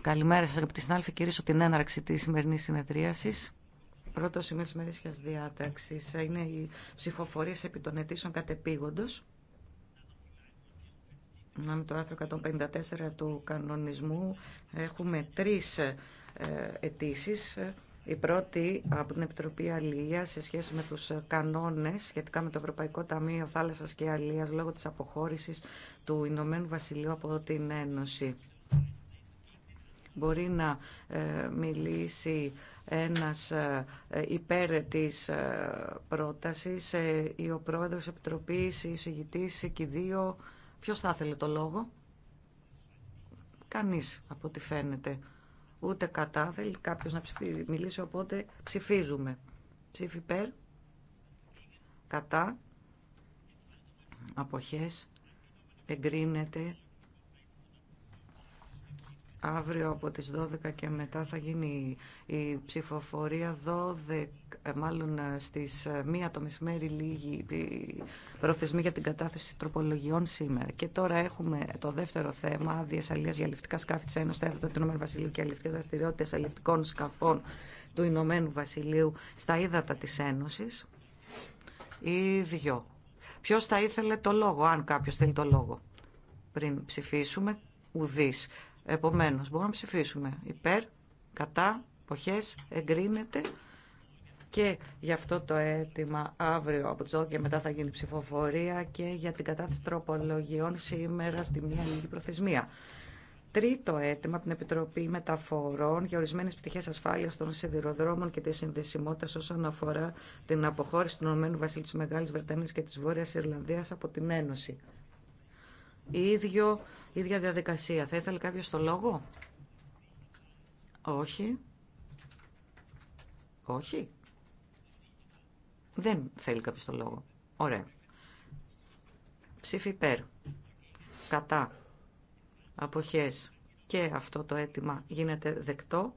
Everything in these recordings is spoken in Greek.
Καλημέρα σας αγαπητοί συνάδελφοι, κυρίσω την έναρξη της σημερινής συνεδρίασης. Πρώτο σημείο της μερίσιας διάταξης είναι οι ψηφοφορίε επί των αιτήσεων Να Με το άρθρο 154 του κανονισμού έχουμε τρεις ε, αιτήσει. Η πρώτη από την Επιτροπή Αλία σε σχέση με τους κανόνες σχετικά με το Ευρωπαϊκό Ταμείο Θάλασσας και Αλίας λόγω της αποχώρησης του Ηνωμένου Βασιλείου από την Ένωση. Μπορεί να ε, μιλήσει ένας ε, υπέρ της ε, πρότασης ή ο πρόεδρος Επιτροπής, η συγητής, και δύο. Ποιος θα ήθελε το λόγο? Κανείς από ό,τι φαίνεται ούτε κατά. Θέλει κάποιο να ψηφί, μιλήσει, οπότε ψηφίζουμε. Ψήφι υπέρ, κατά, αποχές, εγκρίνεται. Αύριο από τις 12 και μετά θα γίνει η ψηφοφορία 12 ε, μάλλον ε, στις ε, μία το μεσημέρι λίγη προθεσμή για την κατάθεση τροπολογιών σήμερα. Και τώρα έχουμε το δεύτερο θέμα, άδειες αλίας για ληφτικά σκάφη της Ένωσης, ύδατα του Ηνωμένου Βασιλείου και αληφτικές δραστηριότητες αληφτικών σκαφών του Ηνωμένου Βασιλείου στα ύδατα της Ένωσης. οι δυο. Ποιος θα ήθελε το λόγο, αν κάποιος θέλει το λόγο. Πριν ψηφίσουμε, ουδής. Επομένως, μπορούμε να ψηφίσουμε υπέρ, κατά, εποχές εγκρίνεται και για αυτό το αίτημα αύριο από τις 12 και μετά θα γίνει ψηφοφορία και για την κατάθεση τροπολογιών σήμερα στη μία λίγη προθεσμία. Τρίτο αίτημα από την Επιτροπή Μεταφορών για ορισμένε πτυχέ ασφάλεια των σιδηροδρόμων και τη συνδεσιμότητα όσον αφορά την αποχώρηση του Ηνωμένου Βασίλειου τη Μεγάλη Βρετανία και τη Βόρεια Ιρλανδία από την Ένωση. ίδιο, ίδια διαδικασία. Θα ήθελε κάποιο το λόγο, Όχι. Όχι. Δεν θέλει κάποιο το λόγο. Ωραία. Ψήφι υπέρ. Κατά. Αποχές. Και αυτό το αίτημα γίνεται δεκτό.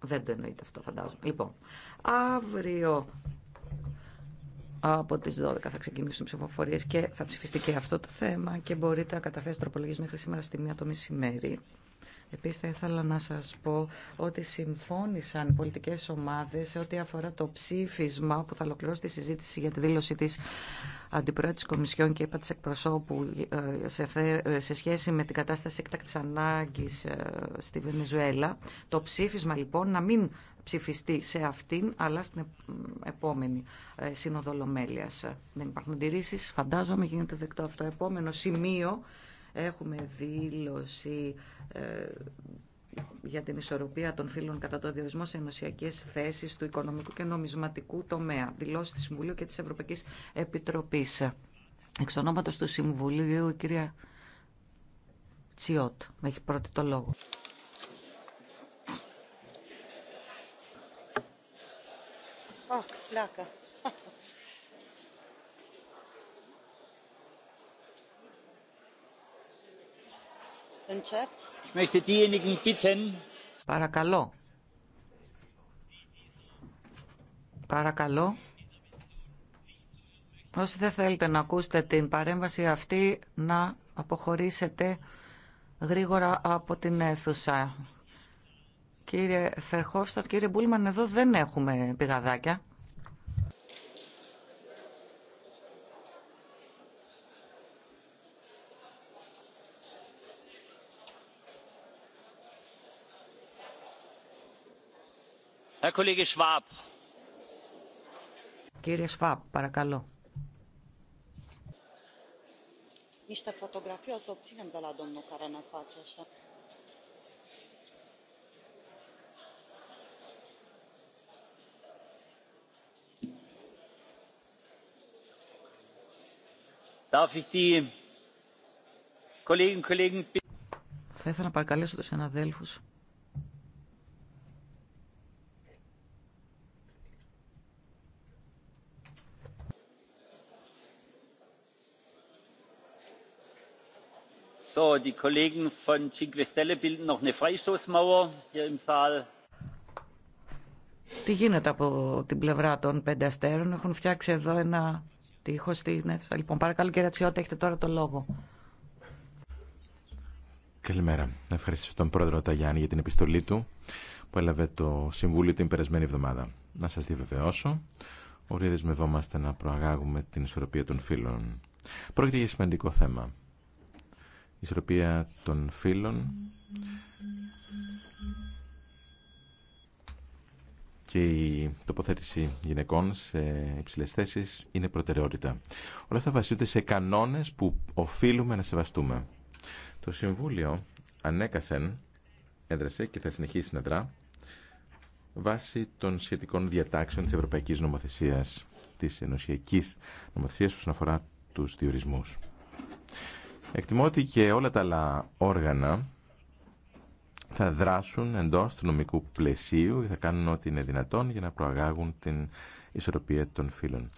Δεν το εννοείται αυτό φαντάζομαι. Λοιπόν, αύριο από τις 12 θα ξεκινήσουν ψηφοφορίες και θα ψηφιστεί και αυτό το θέμα και μπορείτε να καταθέσετε τροπολογίες μέχρι σήμερα στη μία το μεσημέρι. Επίσης θα ήθελα να σας πω ότι συμφώνησαν οι πολιτικές ομάδες σε ό,τι αφορά το ψήφισμα που θα ολοκληρώσει τη συζήτηση για τη δήλωση της Αντιπρόεδρου Κομισιόν και είπα της εκπροσώπου ε, ε, σε σχέση με την κατάσταση εκτάκτης ανάγκης ε, στη Βενεζουέλα. Το ψήφισμα λοιπόν να μην ψηφιστεί σε αυτήν αλλά στην επόμενη σύνοδο Δεν υπάρχουν αντιρρήσεις, φαντάζομαι γίνεται δεκτό αυτό. Επόμενο σημείο Έχουμε δήλωση ε, για την ισορροπία των φύλων κατά το διορισμό σε ενωσιακέ θέσει του οικονομικού και νομισματικού τομέα. Δηλώσει τη Συμβουλίου και τη Ευρωπαϊκή Επιτροπή. Εξ ονόματο του Συμβουλίου, η κυρία Τσιότ, έχει πρώτη το λόγο. Παρακαλώ. Παρακαλώ. Όσοι δεν θέλετε να ακούσετε την παρέμβαση αυτή, να αποχωρήσετε γρήγορα από την αίθουσα. Κύριε Φερχόφστατ, κύριε Μπούλμαν, εδώ δεν έχουμε πηγαδάκια. Κύριε Σφάπ, παρακαλώ. Θα ήθελα να παρακαλέσω τους συναδέλφους Τι γίνεται από την πλευρά των πέντε αστέρων, έχουν φτιάξει εδώ ένα τείχο στην αίθουσα. Λοιπόν, παρακαλώ κύριε Τσιώτα, έχετε τώρα το λόγο. Καλημέρα. Να ευχαριστήσω τον πρόεδρο Ταγιάννη για την επιστολή του που έλαβε το Συμβούλιο την περασμένη εβδομάδα. Να σας διαβεβαιώσω ότι δεσμευόμαστε να προαγάγουμε την ισορροπία των φύλων. Πρόκειται για σημαντικό θέμα. Η ισορροπία των φύλων και η τοποθέτηση γυναικών σε υψηλέ θέσει είναι προτεραιότητα. Όλα αυτά βασίζονται σε κανόνε που οφείλουμε να σεβαστούμε. Το Συμβούλιο ανέκαθεν έδρασε και θα συνεχίσει να δρά βάσει των σχετικών διατάξεων της Ευρωπαϊκής Νομοθεσίας, της Ενωσιακής Νομοθεσίας όσον αφορά τους διορισμούς. Εκτιμώ ότι και όλα τα άλλα όργανα θα δράσουν εντός του νομικού πλαισίου και θα κάνουν ό,τι είναι δυνατόν για να προαγάγουν την ισορροπία των φύλων.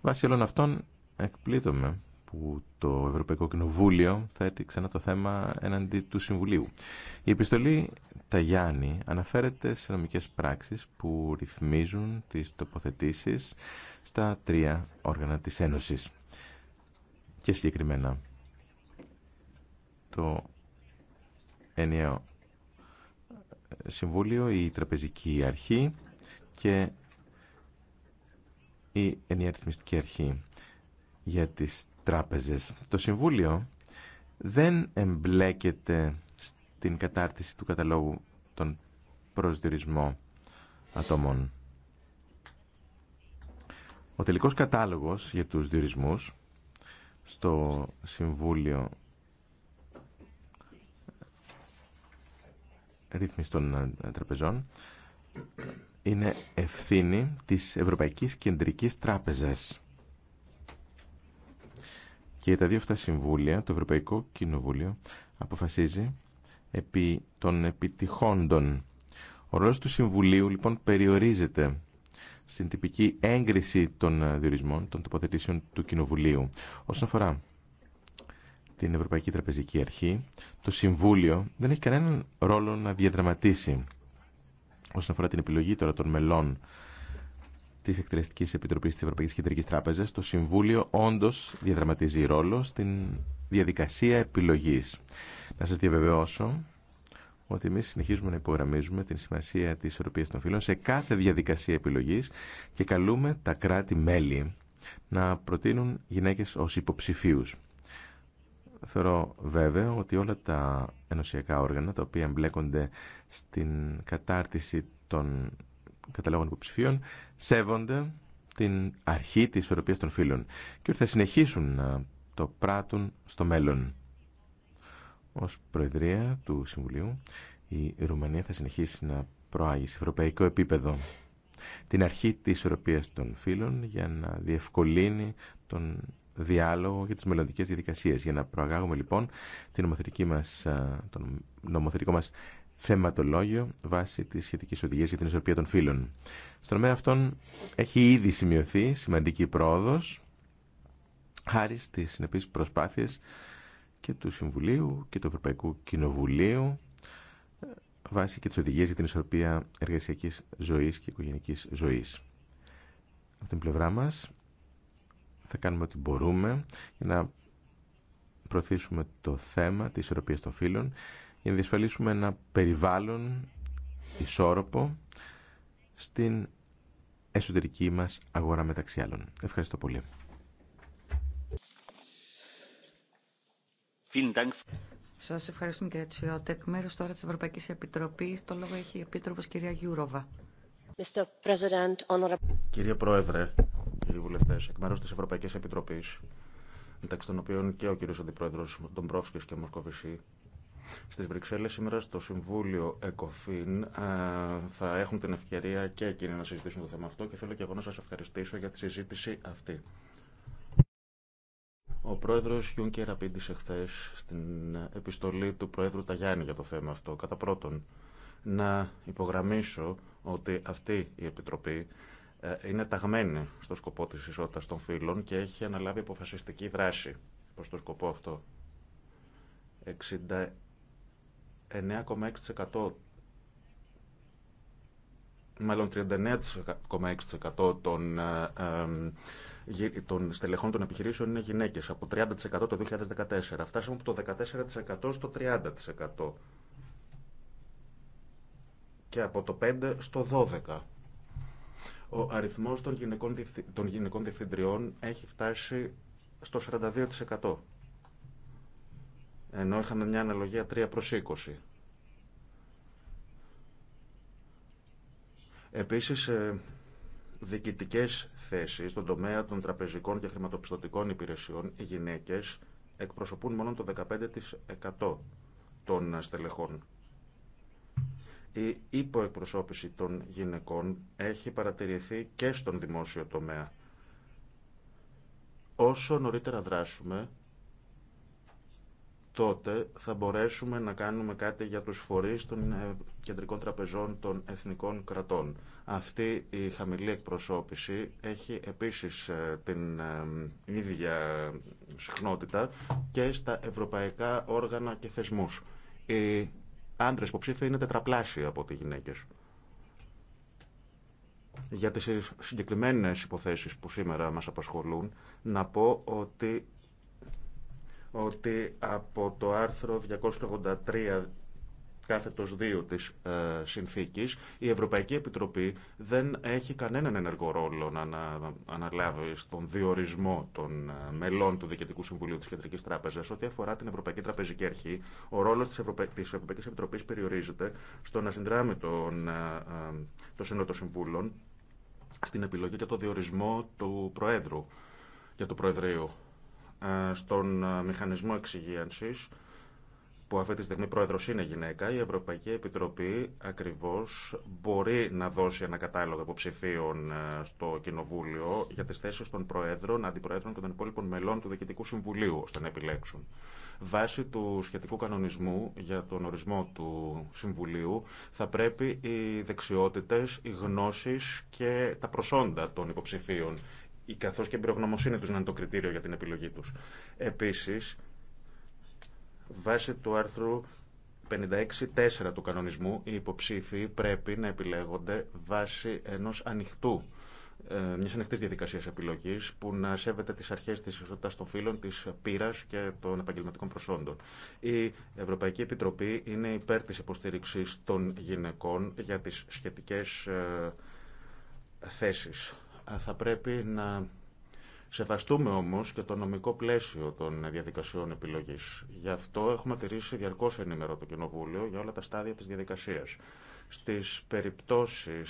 Βάσει όλων αυτών εκπλήττωμε που το Ευρωπαϊκό Κοινοβούλιο θέτει ξανά το θέμα έναντι του Συμβουλίου. Η επιστολή Ταγιάννη αναφέρεται σε νομικές πράξεις που ρυθμίζουν τις τοποθετήσεις στα τρία όργανα της Ένωσης και συγκεκριμένα το ενιαίο συμβούλιο, η τραπεζική αρχή και η ενιαία αρχή για τις τράπεζες. Το Συμβούλιο δεν εμπλέκεται στην κατάρτιση του καταλόγου των προσδιορισμό ατόμων. Ο τελικός κατάλογος για τους διορισμούς στο Συμβούλιο ρύθμιση των ε, τραπεζών είναι ευθύνη της Ευρωπαϊκής Κεντρικής Τράπεζας. Και για τα δύο αυτά συμβούλια, το Ευρωπαϊκό Κοινοβούλιο αποφασίζει επί των επιτυχόντων. Ο ρόλος του Συμβουλίου λοιπόν περιορίζεται στην τυπική έγκριση των ε, διορισμών, των τοποθετήσεων του Κοινοβουλίου. Όσον αφορά την Ευρωπαϊκή Τραπεζική Αρχή, το Συμβούλιο δεν έχει κανέναν ρόλο να διαδραματίσει όσον αφορά την επιλογή τώρα των μελών τη Εκτελεστική Επιτροπή τη Ευρωπαϊκή Κεντρική Τράπεζα, το Συμβούλιο όντω διαδραματίζει ρόλο στην διαδικασία επιλογή. Να σα διαβεβαιώσω ότι εμεί συνεχίζουμε να υπογραμμίζουμε την σημασία τη ισορροπία των φύλων σε κάθε διαδικασία επιλογή και καλούμε τα κράτη-μέλη να προτείνουν γυναίκε ω υποψηφίου θεωρώ βέβαιο ότι όλα τα ενωσιακά όργανα τα οποία εμπλέκονται στην κατάρτιση των καταλόγων υποψηφίων σέβονται την αρχή της ισορροπίας των φύλων και ότι θα συνεχίσουν να το πράττουν στο μέλλον. Ως Προεδρία του Συμβουλίου η Ρουμανία θα συνεχίσει να προάγει σε ευρωπαϊκό επίπεδο την αρχή της ισορροπίας των φύλων για να διευκολύνει τον διάλογο για τις μελλοντικέ διαδικασίες. Για να προαγάγουμε λοιπόν την μας, νομοθετικό μας θεματολόγιο βάσει της σχετικής οδηγίας για την ισορροπία των φύλων. Στον τομέα αυτόν έχει ήδη σημειωθεί σημαντική πρόοδος χάρη στι συνεπείς προσπάθειες και του Συμβουλίου και του Ευρωπαϊκού Κοινοβουλίου βάσει και τις οδηγίες για την ισορροπία εργασιακής ζωής και οικογενικής ζωής. Από την πλευρά μας θα κάνουμε ό,τι μπορούμε για να προωθήσουμε το θέμα της ισορροπίας των φύλων για να διασφαλίσουμε ένα περιβάλλον ισόρροπο στην εσωτερική μας αγορά μεταξύ άλλων. Ευχαριστώ πολύ. Σας ευχαριστούμε κύριε Τσιώτεκ. Μέρος τώρα της Ευρωπαϊκής Επιτροπής. Το λόγο έχει η Επίτροπος κυρία Γιούροβα. Κυρία Πρόεδρε, κύριοι βουλευτέ, εκ μέρου τη Ευρωπαϊκή Επιτροπή, μεταξύ των οποίων και ο κύριο Αντιπρόεδρο Ντομπρόφσκη και Μοσκοβισή, στι Βρυξέλλε σήμερα στο Συμβούλιο ΕΚΟΦΗΝ ε, θα έχουν την ευκαιρία και εκείνοι να συζητήσουν το θέμα αυτό και θέλω και εγώ να σα ευχαριστήσω για τη συζήτηση αυτή. Ο πρόεδρο Γιούνκερ απήντησε χθε στην επιστολή του πρόεδρου Ταγιάννη για το θέμα αυτό. Κατά πρώτον, να υπογραμμίσω ότι αυτή η Επιτροπή ε, είναι ταγμένη στο σκοπό της ισότητας των φύλων και έχει αναλάβει αποφασιστική δράση προς το σκοπό αυτό. 69,6% μάλλον 39,6% των, ε, των στελεχών των επιχειρήσεων είναι γυναίκες, από 30% το 2014. Φτάσαμε από το 14% στο 30%. Και από το 5% στο 12%. Ο αριθμός των γυναικών, των γυναικών διευθυντριών έχει φτάσει στο 42%. Ενώ είχαμε μια αναλογία 3 προς 20. Επίσης, ε, διοικητικέ θέσεις στον τομέα των τραπεζικών και χρηματοπιστωτικών υπηρεσιών, οι γυναίκες εκπροσωπούν μόνο το 15% των στελεχών η υποεκπροσώπηση των γυναικών έχει παρατηρηθεί και στον δημόσιο τομέα. Όσο νωρίτερα δράσουμε, τότε θα μπορέσουμε να κάνουμε κάτι για τους φορείς των ε, κεντρικών τραπεζών των εθνικών κρατών. Αυτή η χαμηλή εκπροσώπηση έχει επίσης ε, την ε, ίδια συχνότητα και στα ευρωπαϊκά όργανα και θεσμούς. Η που υποψήφοι είναι τετραπλάσια από ότι γυναίκε Για τι συγκεκριμένε υποθέσει που σήμερα μα απασχολούν, να πω ότι ότι από το άρθρο 283 κάθετος δύο της ε, συνθήκης, η Ευρωπαϊκή Επιτροπή δεν έχει κανέναν ενεργό ρόλο να αναλάβει στον διορισμό των ε, μελών του Διοικητικού Συμβουλίου της Κεντρικής Τράπεζας. Ό,τι αφορά την Ευρωπαϊκή Τραπεζική Αρχή, ο ρόλος της, Ευρωπαϊκή της Ευρωπαϊκής Επιτροπής περιορίζεται στο να συνδράμει τον, ε, ε, το Σύνολο Συμβούλων στην επιλογή και το διορισμό του Προέδρου και του Προεδρείου στον μηχανισμό εξυγίανσης που αυτή τη στιγμή πρόεδρος είναι γυναίκα, η Ευρωπαϊκή Επιτροπή ακριβώς μπορεί να δώσει ένα κατάλογο υποψηφίων ε, στο Κοινοβούλιο για τι θέσει των Προέδρων, Αντιπροέδρων και των υπόλοιπων μελών του Διοικητικού Συμβουλίου, ώστε να επιλέξουν. Βάσει του σχετικού κανονισμού για τον ορισμό του Συμβουλίου, θα πρέπει οι δεξιότητες, οι γνώσεις και τα προσόντα των υποψηφίων, καθώς και η εμπειρογνωμοσύνη του να είναι το κριτήριο για την επιλογή του. Επίσης, Βάσει του άρθρου 56.4 του κανονισμού, οι υποψήφοι πρέπει να επιλέγονται βάσει ενός ανοιχτού ε, μια ανοιχτή διαδικασία επιλογή που να σέβεται τι αρχέ τη ισότητα των φύλων, τη πείρα και των επαγγελματικών προσόντων. Η Ευρωπαϊκή Επιτροπή είναι υπέρ τη υποστήριξη των γυναικών για τι σχετικέ ε, θέσει. Θα πρέπει να Σεβαστούμε όμω και το νομικό πλαίσιο των διαδικασιών επιλογή. Γι' αυτό έχουμε τηρήσει διαρκώ ενημερό το Κοινοβούλιο για όλα τα στάδια τη διαδικασία. Στι περιπτώσει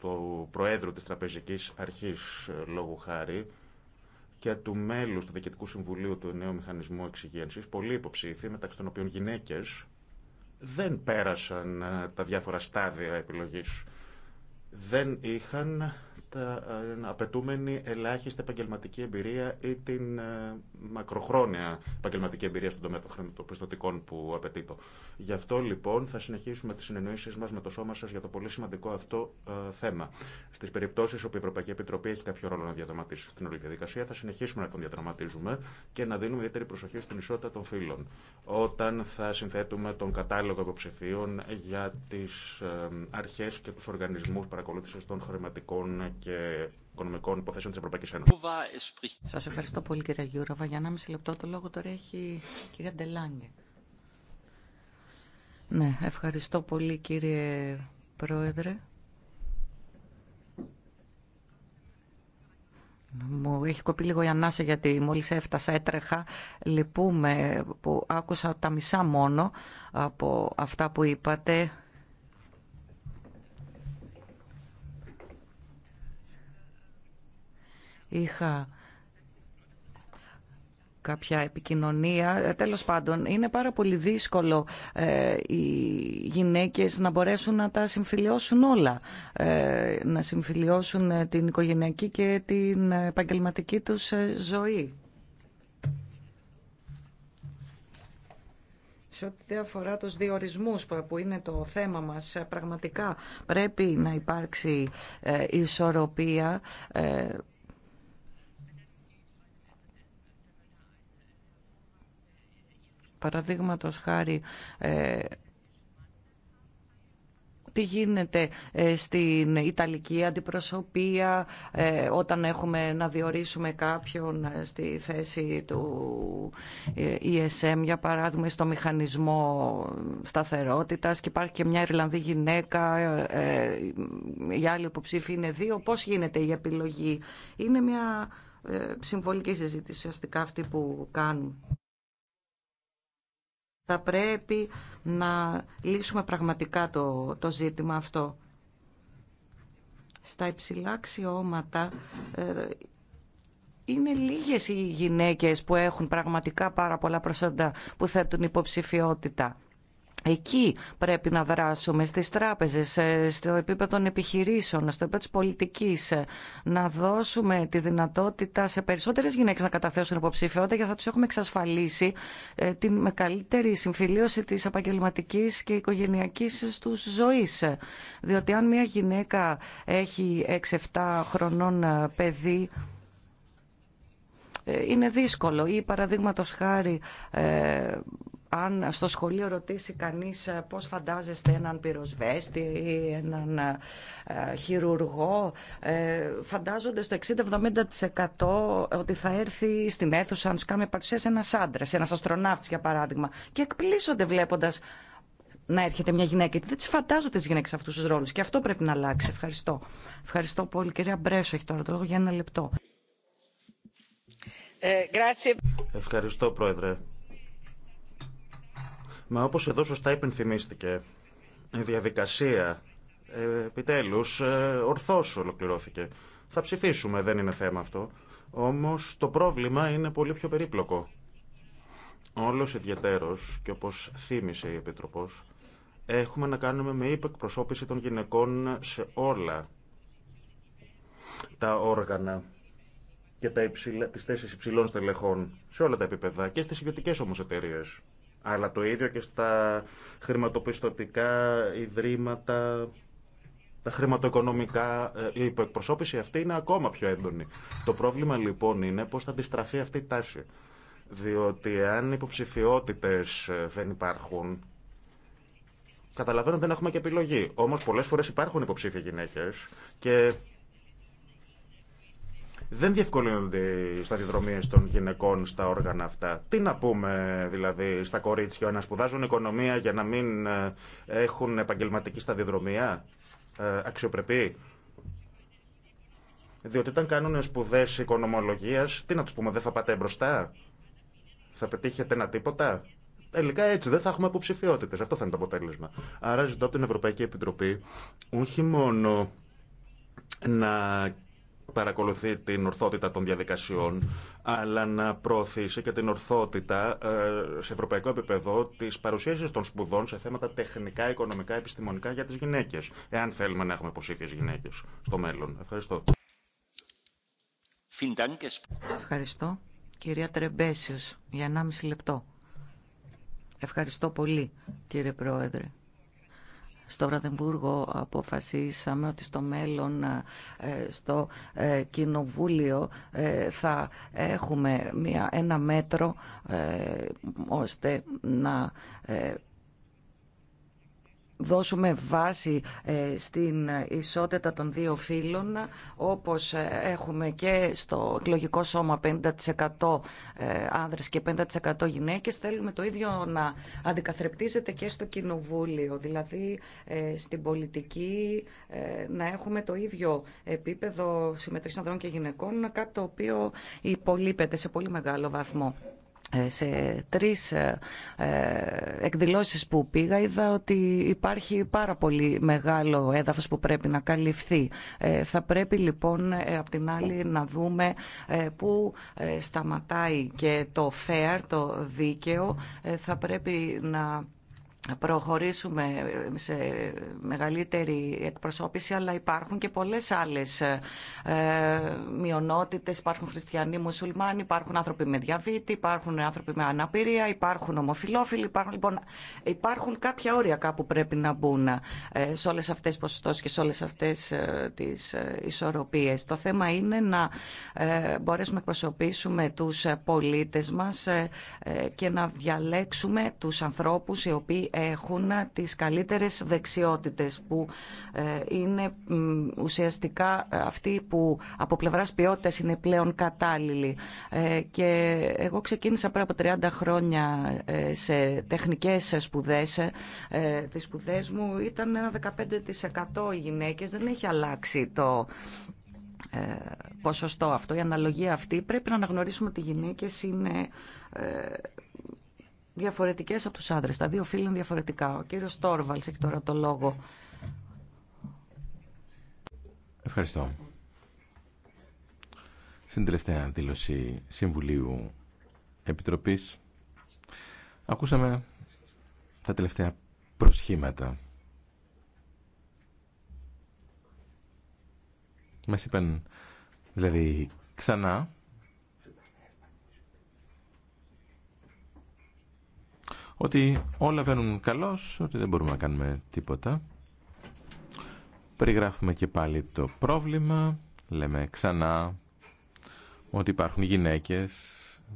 του Προέδρου τη Τραπεζική Αρχή, ε, λόγου χάρη, και του μέλου του Διοικητικού Συμβουλίου του Νέου Μηχανισμού Εξυγένση, πολλοί υποψήφοι, μεταξύ των οποίων γυναίκε, δεν πέρασαν ε, τα διάφορα στάδια επιλογή. Δεν είχαν ελάχιστα, ε, απαιτούμενη ελάχιστη επαγγελματική εμπειρία ή την ε, μακροχρόνια επαγγελματική εμπειρία στον τομέα των χρηματοπιστωτικών που απαιτεί το. Γι' αυτό λοιπόν θα συνεχίσουμε τι συνεννοήσει μα με το σώμα σα για το πολύ σημαντικό αυτό ε, θέμα. Στι περιπτώσει όπου η Ευρωπαϊκή Επιτροπή έχει κάποιο ρόλο να διαδραματίσει στην όλη διαδικασία, θα συνεχίσουμε να τον διαδραματίζουμε και να δίνουμε ιδιαίτερη προσοχή στην ισότητα των φύλων. Όταν θα συνθέτουμε τον κατάλογο υποψηφίων για τι αρχέ και του οργανισμού παρακολούθηση των χρηματικών και Οικονομικών Υποθέσεων τη Ευρωπαϊκή Ένωση. Σα ευχαριστώ πολύ, κύριε Γιούραβα. Για 1,5 λεπτό το λόγο τώρα έχει η κυρία Ντελάνγκε. Ναι, ευχαριστώ πολύ, κύριε Πρόεδρε. Μου έχει κοπεί λίγο η ανάσα γιατί μόλις έφτασα έτρεχα. Λυπούμε που άκουσα τα μισά μόνο από αυτά που είπατε. είχα κάποια επικοινωνία. Ε, τέλος πάντων, είναι πάρα πολύ δύσκολο ε, οι γυναίκες να μπορέσουν να τα συμφιλιώσουν όλα. Ε, να συμφιλιώσουν την οικογενειακή και την επαγγελματική τους ζωή. Σε ό,τι αφορά τους διορισμούς που είναι το θέμα μας, πραγματικά πρέπει να υπάρξει ε, ισορροπία Παραδείγματος χάρη ε, τι γίνεται ε, στην Ιταλική αντιπροσωπεία ε, όταν έχουμε να διορίσουμε κάποιον στη θέση του ESM για παράδειγμα στο μηχανισμό σταθερότητας και υπάρχει και μια Ιρλανδή γυναίκα η άλλη υποψήφοι είναι δύο πώς γίνεται η επιλογή είναι μια συμβολική συζήτηση ουσιαστικά αυτή που κάνουν θα πρέπει να λύσουμε πραγματικά το, το ζήτημα αυτό. Στα υψηλά αξιώματα ε, είναι λίγες οι γυναίκες που έχουν πραγματικά πάρα πολλά προσόντα που θέτουν υποψηφιότητα. Εκεί πρέπει να δράσουμε, στις τράπεζες, ε, στο επίπεδο των επιχειρήσεων, στο επίπεδο της πολιτικής, ε, να δώσουμε τη δυνατότητα σε περισσότερες γυναίκες να καταθέσουν υποψηφιότητα για θα τους έχουμε εξασφαλίσει ε, την με καλύτερη συμφιλίωση της επαγγελματική και οικογενειακής τους ζωής. Διότι αν μια γυναίκα έχει 6-7 χρονών παιδί, είναι δύσκολο ή παραδείγματος χάρη αν στο σχολείο ρωτήσει κανείς ε, πώς φαντάζεστε έναν πυροσβέστη ή έναν ε, χειρουργό, ε, φαντάζονται στο 60-70% ότι θα έρθει στην αίθουσα να τους κάνει παρουσίαση ένας άντρας, ένας αστροναύτης για παράδειγμα. Και εκπλήσονται βλέποντας να έρχεται μια γυναίκα. Δεν τις φαντάζονται τις γυναίκες αυτού του ρόλου. Και αυτό πρέπει να αλλάξει. Ευχαριστώ. Ευχαριστώ πολύ. Κυρία Μπρέσο έχει τώρα το λόγο για ένα λεπτό. Ευχαριστώ, Πρόεδρε. Μα όπως εδώ σωστά υπενθυμίστηκε, η διαδικασία ε, επιτέλους ε, ορθώς ολοκληρώθηκε. Θα ψηφίσουμε, δεν είναι θέμα αυτό. Όμως το πρόβλημα είναι πολύ πιο περίπλοκο. Όλος ιδιαίτερος και όπως θύμισε η Επιτροπός, έχουμε να κάνουμε με υπεκπροσώπηση των γυναικών σε όλα τα όργανα και τα υψηλα, τις θέσεις υψηλών στελεχών, σε όλα τα επίπεδα και στις ιδιωτικές όμως εταιρείες. Αλλά το ίδιο και στα χρηματοπιστωτικά ιδρύματα, τα χρηματοοικονομικά, ε, η υποεκπροσώπηση αυτή είναι ακόμα πιο έντονη. Το πρόβλημα λοιπόν είναι πώς θα αντιστραφεί αυτή η τάση. Διότι αν υποψηφιότητες ε, δεν υπάρχουν, καταλαβαίνω δεν έχουμε και επιλογή. Όμω πολλέ φορέ υπάρχουν υποψήφια γυναίκε και δεν διευκολύνονται οι σταδιοδρομίε των γυναικών στα όργανα αυτά. Τι να πούμε δηλαδή στα κορίτσια να σπουδάζουν οικονομία για να μην ε, έχουν επαγγελματική σταδιοδρομία ε, αξιοπρεπή. Διότι όταν κάνουν σπουδέ οικονομολογία, τι να του πούμε, δεν θα πάτε μπροστά, θα πετύχετε ένα τίποτα. Τελικά έτσι δεν θα έχουμε αποψηφιότητε. Αυτό θα είναι το αποτέλεσμα. Άρα ζητώ από την Ευρωπαϊκή Επιτροπή όχι μόνο να παρακολουθεί την ορθότητα των διαδικασιών, αλλά να προωθήσει και την ορθότητα ε, σε ευρωπαϊκό επίπεδο τη παρουσίαση των σπουδών σε θέματα τεχνικά, οικονομικά, επιστημονικά για τι γυναίκε, εάν θέλουμε να έχουμε υποψήφιε γυναίκε στο μέλλον. Ευχαριστώ. Ευχαριστώ. Κυρία Τρεμπέσιος, για 1,5 λεπτό. Ευχαριστώ πολύ, κύριε Πρόεδρε στο Βραδεμβούργο αποφασίσαμε ότι στο μέλλον ε, στο ε, Κοινοβούλιο ε, θα έχουμε μια, ένα μέτρο ώστε να δώσουμε βάση ε, στην ισότητα των δύο φύλων, όπως ε, έχουμε και στο εκλογικό σώμα 50% ε, άνδρες και 50% γυναίκες, θέλουμε το ίδιο να αντικαθρεπτίζεται και στο κοινοβούλιο, δηλαδή στην πολιτική να έχουμε το ίδιο επίπεδο συμμετοχής ανδρών και γυναικών, κάτι το οποίο υπολείπεται σε πολύ μεγάλο βαθμό. Ε, σε τρεις ε, ε, εκδηλώσεις που πήγα είδα ότι υπάρχει πάρα πολύ μεγάλο έδαφος που πρέπει να καλυφθεί. Θα πρέπει λοιπόν απ' την άλλη να δούμε πού σταματάει και το fair, το δίκαιο. Θα πρέπει να προχωρήσουμε σε μεγαλύτερη εκπροσώπηση, αλλά υπάρχουν και πολλές άλλες ε, μειονότητες. Υπάρχουν χριστιανοί, μουσουλμάνοι, υπάρχουν άνθρωποι με διαβήτη, υπάρχουν άνθρωποι με αναπηρία, υπάρχουν ομοφιλόφιλοι. Υπάρχουν, λοιπόν, υπάρχουν κάποια όρια κάπου πρέπει να μπουν ε, σε όλες αυτές τις ποσοστώσεις και σε όλες αυτές ε, τις ε, ισορροπίες. Το θέμα είναι να μπορέσουμε να εκπροσωπήσουμε τους πολίτες μας και να διαλέξουμε τους ανθρώπους οι οποίοι έχουν τις καλύτερες δεξιότητες που ε, είναι ουσιαστικά ε, αυτοί που από πλευράς ποιότητας είναι πλέον κατάλληλοι. Ε, και εγώ ξεκίνησα πριν από 30 χρόνια σε τεχνικές σπουδές. Τις σπουδές μου ήταν ένα 15% οι γυναίκες. Δεν έχει αλλάξει το ποσοστό αυτό, η αναλογία αυτή. Πρέπει να αναγνωρίσουμε ότι οι γυναίκες είναι διαφορετικές από του άντρε. Τα δύο φίλων είναι διαφορετικά. Ο κύριο Τόρβαλ, έχει τώρα το λόγο. Ευχαριστώ. Στην τελευταία δήλωση Συμβουλίου Επιτροπής ακούσαμε τα τελευταία προσχήματα. Μας είπαν δηλαδή ξανά ότι όλα βαίνουν καλώς, ότι δεν μπορούμε να κάνουμε τίποτα. Περιγράφουμε και πάλι το πρόβλημα, λέμε ξανά ότι υπάρχουν γυναίκες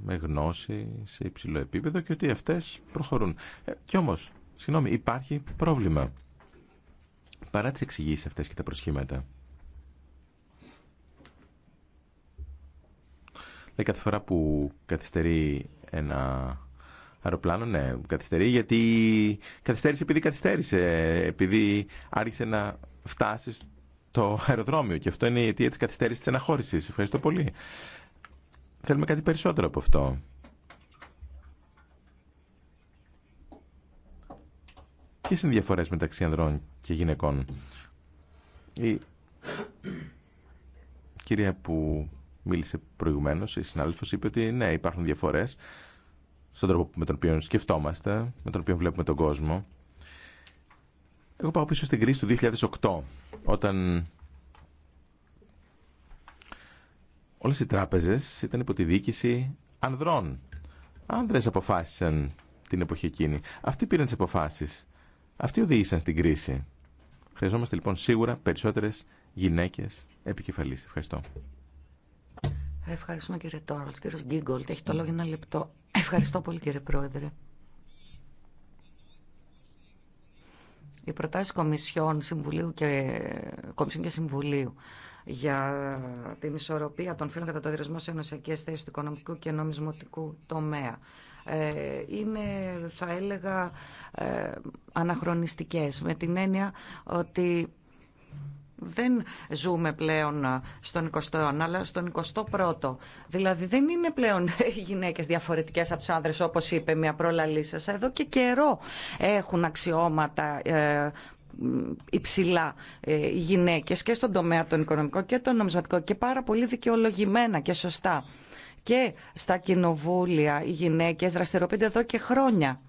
με γνώση σε υψηλό επίπεδο και ότι αυτές προχωρούν. Ε, κι όμως, συγγνώμη, υπάρχει πρόβλημα. Παρά τις εξηγήσεις αυτές και τα προσχήματα. Λέει δηλαδή, κάθε φορά που καθυστερεί ένα αεροπλάνο, ναι, καθυστερεί γιατί καθυστέρησε επειδή καθυστέρησε, επειδή άρχισε να φτάσει στο αεροδρόμιο και αυτό είναι η αιτία της καθυστέρησης της αναχώρησης. Ευχαριστώ πολύ. Θέλουμε κάτι περισσότερο από αυτό. Ποιες είναι οι διαφορές μεταξύ ανδρών και γυναικών. Η κυρία που μίλησε προηγουμένως, η συνάδελφος, είπε ότι ναι, υπάρχουν διαφορές στον τρόπο με τον οποίο σκεφτόμαστε, με τον οποίο βλέπουμε τον κόσμο. Εγώ πάω πίσω στην κρίση του 2008, όταν όλες οι τράπεζες ήταν υπό τη διοίκηση ανδρών. Άνδρες αποφάσισαν την εποχή εκείνη. Αυτοί πήραν τις αποφάσεις. Αυτοί οδήγησαν στην κρίση. Χρειαζόμαστε λοιπόν σίγουρα περισσότερες γυναίκες επικεφαλής. Ευχαριστώ. Ευχαριστούμε κύριε Τόρολτ. Κύριο Γκίγκολτ έχει το λόγο ένα λεπτό. Ευχαριστώ πολύ κύριε Πρόεδρε. Οι προτάσει Κομισιών, και, Κομισιών και Συμβουλίου για την ισορροπία των φύλων κατά το Διερισμό σε ενωσιακές θέσεις του οικονομικού και νομισματικού τομέα. Ε, είναι, θα έλεγα, ε, αναχρονιστικές, με την έννοια ότι δεν ζούμε πλέον ε, στον 20ο αλλά στον 21ο. Δηλαδή δεν είναι πλέον οι γυναίκες διαφορετικές από του άνδρες, όπως είπε μια προλαλή σα. Εδώ και καιρό έχουν αξιώματα ε, υψηλά ε, οι γυναίκες και στον τομέα των οικονομικών και των νομισματικών και πάρα πολύ δικαιολογημένα και σωστά. Και στα κοινοβούλια οι γυναίκες δραστηριοποιούνται εδώ και χρόνια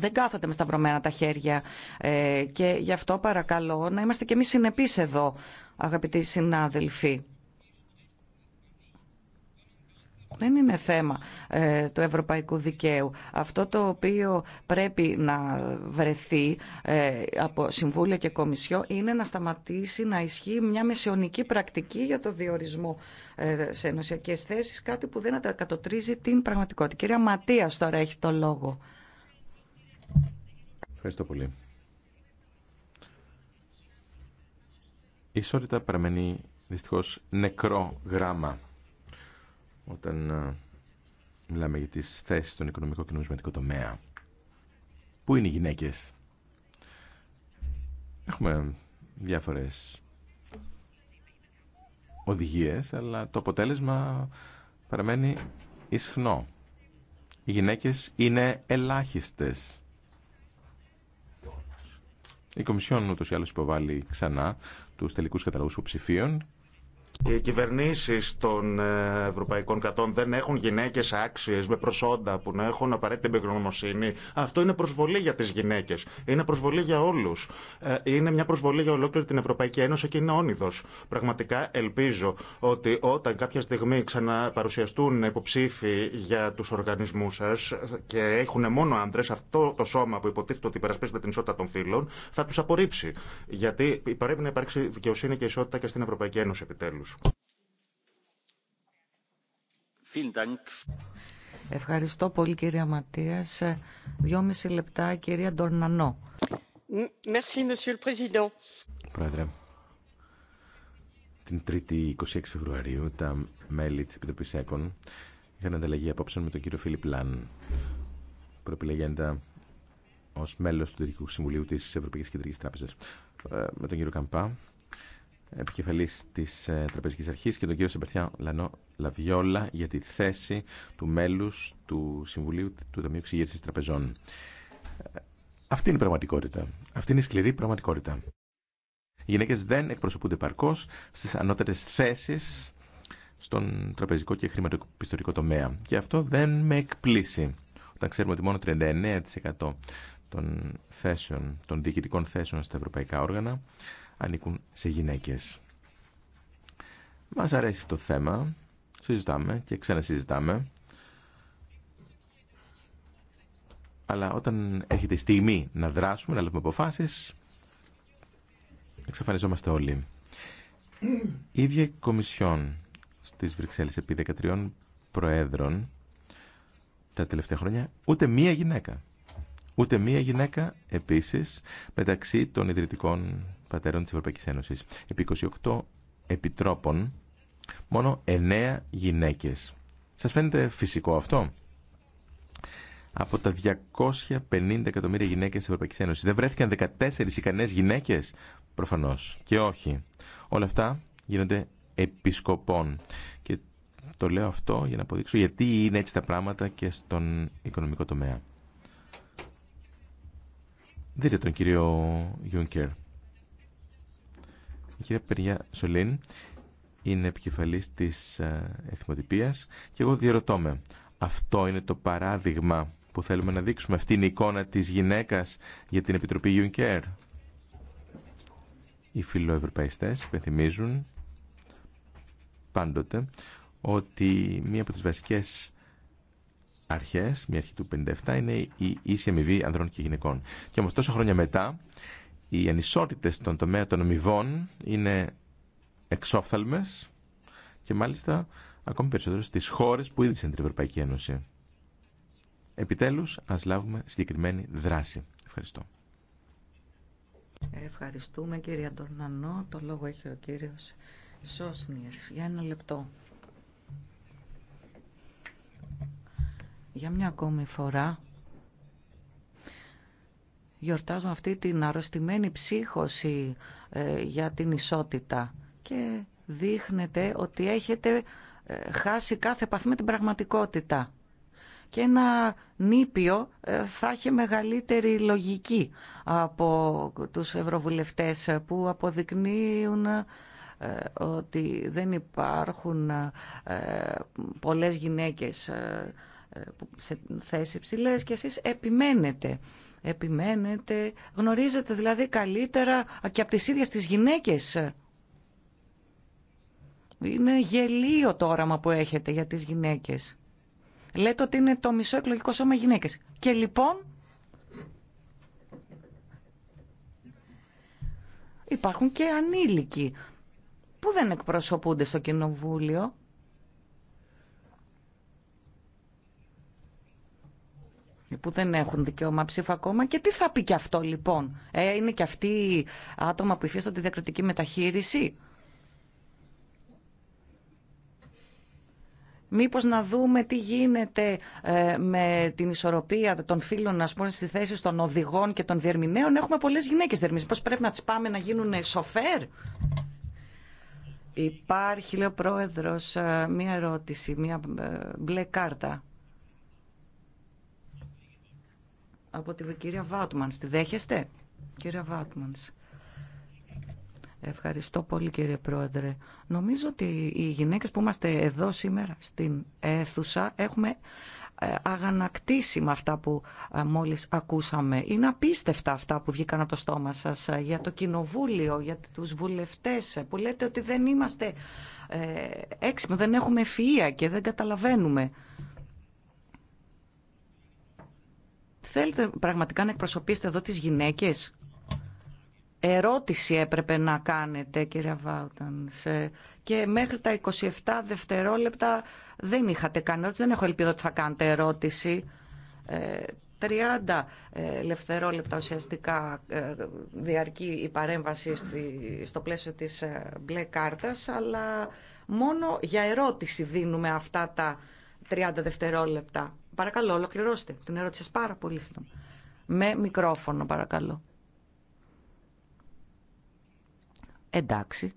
δεν κάθονται με σταυρωμένα τα χέρια ε, και γι' αυτό παρακαλώ να είμαστε και εμείς συνεπείς εδώ, αγαπητοί συνάδελφοι. Δεν είναι θέμα ε, του ευρωπαϊκού δικαίου. Αυτό το οποίο πρέπει να βρεθεί ε, από Συμβούλια και Κομισιό είναι να σταματήσει να ισχύει μια μεσαιωνική πρακτική για το διορισμό ε, σε ενωσιακές θέσεις, κάτι που δεν αντακατοτρίζει την πραγματικότητα. Κυρία Ματίας τώρα έχει το λόγο. Ευχαριστώ πολύ. Η ισότητα παραμένει δυστυχώς νεκρό γράμμα όταν ε, μιλάμε για τις θέσεις στον οικονομικό και νομισματικό τομέα. Πού είναι οι γυναίκες? Έχουμε διάφορες οδηγίες, αλλά το αποτέλεσμα παραμένει ισχνό. Οι γυναίκες είναι ελάχιστες η Κομισιόν ούτω ή άλλω υποβάλλει ξανά του τελικούς καταλόγους υποψηφίων οι κυβερνήσει των ε, ευρωπαϊκών κρατών δεν έχουν γυναίκε άξιε με προσόντα που να έχουν απαραίτητη εμπειρογνωμοσύνη. Αυτό είναι προσβολή για τι γυναίκε. Είναι προσβολή για όλου. Ε, είναι μια προσβολή για ολόκληρη την Ευρωπαϊκή Ένωση και είναι όνειδο. Πραγματικά ελπίζω ότι όταν κάποια στιγμή ξαναπαρουσιαστούν υποψήφοι για του οργανισμού σα και έχουν μόνο άντρε, αυτό το σώμα που υποτίθεται ότι υπερασπίζεται την ισότητα των φύλων θα του απορρίψει. Γιατί πρέπει να υπάρξει δικαιοσύνη και ισότητα και στην Ευρωπαϊκή Ένωση επιτέλου. Ευχαριστώ πολύ κυρία Ματίας. Δυόμιση λεπτά κυρία Ντορνανό. Πρόεδρε, την 3η 26 Φεβρουαρίου τα μέλη της Επιτροπής ΕΚΟΝ είχαν ανταλλαγή απόψεων με τον κύριο Φίλιπ Λαν, προεπιλέγεντα ως μέλος του Διευθυντικού Συμβουλίου της Ευρωπαϊκής Κεντρικής Τράπεζας, ε, με τον κύριο Καμπά, Επικεφαλή τη ε, Τραπεζική αρχή και τον κύριο Σεμπαστιάν Λανό Λαβιόλα για τη θέση του μέλου του Συμβουλίου του Ταμείου Ξηγήρησης Τραπεζών. Ε, αυτή είναι η πραγματικότητα. Αυτή είναι η σκληρή πραγματικότητα. Οι γυναίκε δεν εκπροσωπούνται παρκώς στι ανώτερες θέσει στον τραπεζικό και χρηματοπιστωτικό τομέα. Και αυτό δεν με εκπλήσει. Όταν ξέρουμε ότι μόνο 39% των θέσεων, των διοικητικών θέσεων στα ευρωπαϊκά όργανα ανήκουν σε γυναίκες. Μας αρέσει το θέμα, συζητάμε και ξανασυζητάμε, αλλά όταν έρχεται η στιγμή να δράσουμε, να λάβουμε αποφάσεις, εξαφανιζόμαστε όλοι. Η ίδια η Κομισιόν στις Βρυξέλλες επί 13 προέδρων τα τελευταία χρόνια ούτε μία γυναίκα. Ούτε μία γυναίκα επίση, μεταξύ των ιδρυτικών πατέρων τη Ευρωπαϊκή Ένωση, Επί 28 επιτρόπων μόνο 9 γυναίκε. Σα φαίνεται φυσικό αυτό? Από τα 250 εκατομμύρια γυναίκε τη Ευρωπαϊκή ένωση δεν βρέθηκαν 14 ικανέ γυναίκε, προφανώ και όχι. Όλα αυτά γίνονται επισκοπών. Και το λέω αυτό για να αποδείξω γιατί είναι έτσι τα πράγματα και στον οικονομικό τομέα. Δείτε τον κύριο Γιούνκερ. Η κυρία Περιά Σολίν είναι επικεφαλής της ε, εθιμοτυπίας και εγώ διαρωτώ με. Αυτό είναι το παράδειγμα που θέλουμε να δείξουμε. Αυτή είναι η εικόνα της γυναίκας για την Επιτροπή Γιουνκέρ. Οι φιλοευρωπαϊστές υπενθυμίζουν πάντοτε ότι μία από τις βασικές αρχές, μια αρχή του 57, είναι η ίση αμοιβή ανδρών και γυναικών. Και όμω τόσα χρόνια μετά, οι ανισότητες στον τομέα των αμοιβών είναι εξόφθαλμες και μάλιστα ακόμη περισσότερο στις χώρες που είδησαν την Ευρωπαϊκή Ένωση. Επιτέλους, ας λάβουμε συγκεκριμένη δράση. Ευχαριστώ. Ευχαριστούμε κύριε Αντορνανό. Το λόγο έχει ο κύριος Για ένα λεπτό. για μια ακόμη φορά γιορτάζουμε αυτή την αρρωστημένη ψύχωση ε, για την ισότητα και δείχνετε ότι έχετε ε, χάσει κάθε επαφή με την πραγματικότητα και ένα νήπιο ε, θα έχει μεγαλύτερη λογική από τους ευρωβουλευτές που αποδεικνύουν ότι δεν υπάρχουν πολλές γυναίκες ε, σε θέσεις ψηλές και εσείς επιμένετε. Επιμένετε, γνωρίζετε δηλαδή καλύτερα και από τις ίδιες τις γυναίκες. Είναι γελίο το όραμα που έχετε για τις γυναίκες. Λέτε ότι είναι το μισό εκλογικό σώμα γυναίκες. Και λοιπόν... Υπάρχουν και ανήλικοι που δεν εκπροσωπούνται στο κοινοβούλιο που δεν έχουν δικαίωμα ψήφου ακόμα. Και τι θα πει και αυτό λοιπόν. Ε, είναι και αυτοί άτομα που τη διακριτική μεταχείριση. Μήπως να δούμε τι γίνεται ε, με την ισορροπία των φίλων ας πούμε, στη θέση των οδηγών και των διερμηνέων. Έχουμε πολλές γυναίκες διερμηνές. Πώς πρέπει να τις πάμε να γίνουν σοφέρ. Υπάρχει, λέει ο Πρόεδρος, ε, μία ερώτηση, μία ε, μπλε κάρτα. από την κυρία Βάτμανς. Τη δέχεστε, κυρία Βάτμανς. Ευχαριστώ πολύ κύριε Πρόεδρε. Νομίζω ότι οι γυναίκες που είμαστε εδώ σήμερα στην αίθουσα έχουμε ε, αγανακτήσει με αυτά που ε, μόλις ακούσαμε. Είναι απίστευτα αυτά που βγήκαν από το στόμα σας ε, για το κοινοβούλιο, για τους βουλευτές που λέτε ότι δεν είμαστε έξυπνοι, δεν έχουμε ευφυΐα και δεν καταλαβαίνουμε. Θέλετε πραγματικά να εκπροσωπήσετε εδώ τις γυναίκες. Ερώτηση έπρεπε να κάνετε, κυρία Βάουταν. Και μέχρι τα 27 δευτερόλεπτα δεν είχατε κάνει ερώτηση. Δεν έχω ελπίδα ότι θα κάνετε ερώτηση. 30 ε, δευτερόλεπτα ε, ουσιαστικά ε, διαρκεί η παρέμβαση στο πλαίσιο της μπλε κάρτας, αλλά μόνο για ερώτηση δίνουμε αυτά τα 30 δευτερόλεπτα. Παρακαλώ, ολοκληρώστε την ερώτηση σας πάρα πολύ σύντομα. Με μικρόφωνο, παρακαλώ. Εντάξει.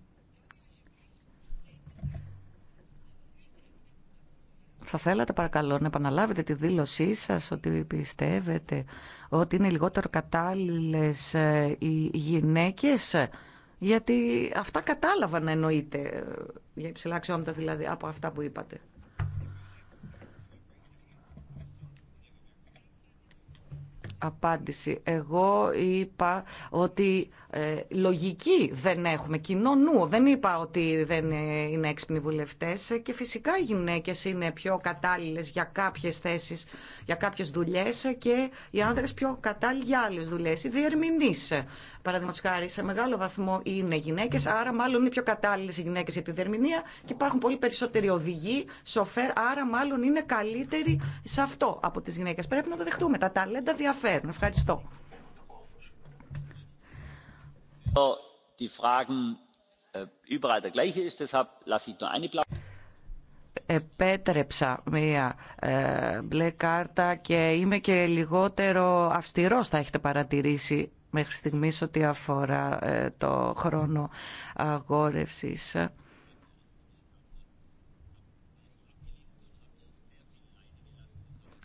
Θα θέλατε παρακαλώ να επαναλάβετε τη δήλωσή σας ότι πιστεύετε ότι είναι λιγότερο κατάλληλες ε, οι γυναίκες γιατί αυτά κατάλαβα να ε, για υψηλά αξιώματα δηλαδή από αυτά που είπατε. απάντηση. Εγώ είπα ότι ε, λογική δεν έχουμε, κοινό νου. Δεν είπα ότι δεν ε, είναι έξυπνοι βουλευτέ και φυσικά οι γυναίκε είναι πιο κατάλληλε για κάποιε θέσει, για κάποιε δουλειέ και οι άνδρες πιο κατάλληλοι για άλλε δουλειέ. Οι διερμηνεί παραδείγματο χάρη, σε μεγάλο βαθμό είναι γυναίκε, άρα μάλλον είναι πιο κατάλληλε οι γυναίκε για τη δερμηνία και υπάρχουν πολύ περισσότεροι οδηγοί, σοφέρ, άρα μάλλον είναι καλύτεροι σε αυτό από τι γυναίκε. Πρέπει να το δεχτούμε. Τα ταλέντα διαφέρουν. Ευχαριστώ. Ε, Επέτρεψα μία ε, μπλε κάρτα και είμαι και λιγότερο αυστηρός, θα έχετε παρατηρήσει μέχρι στιγμής ό,τι αφορά ε, το χρόνο αγόρευσης.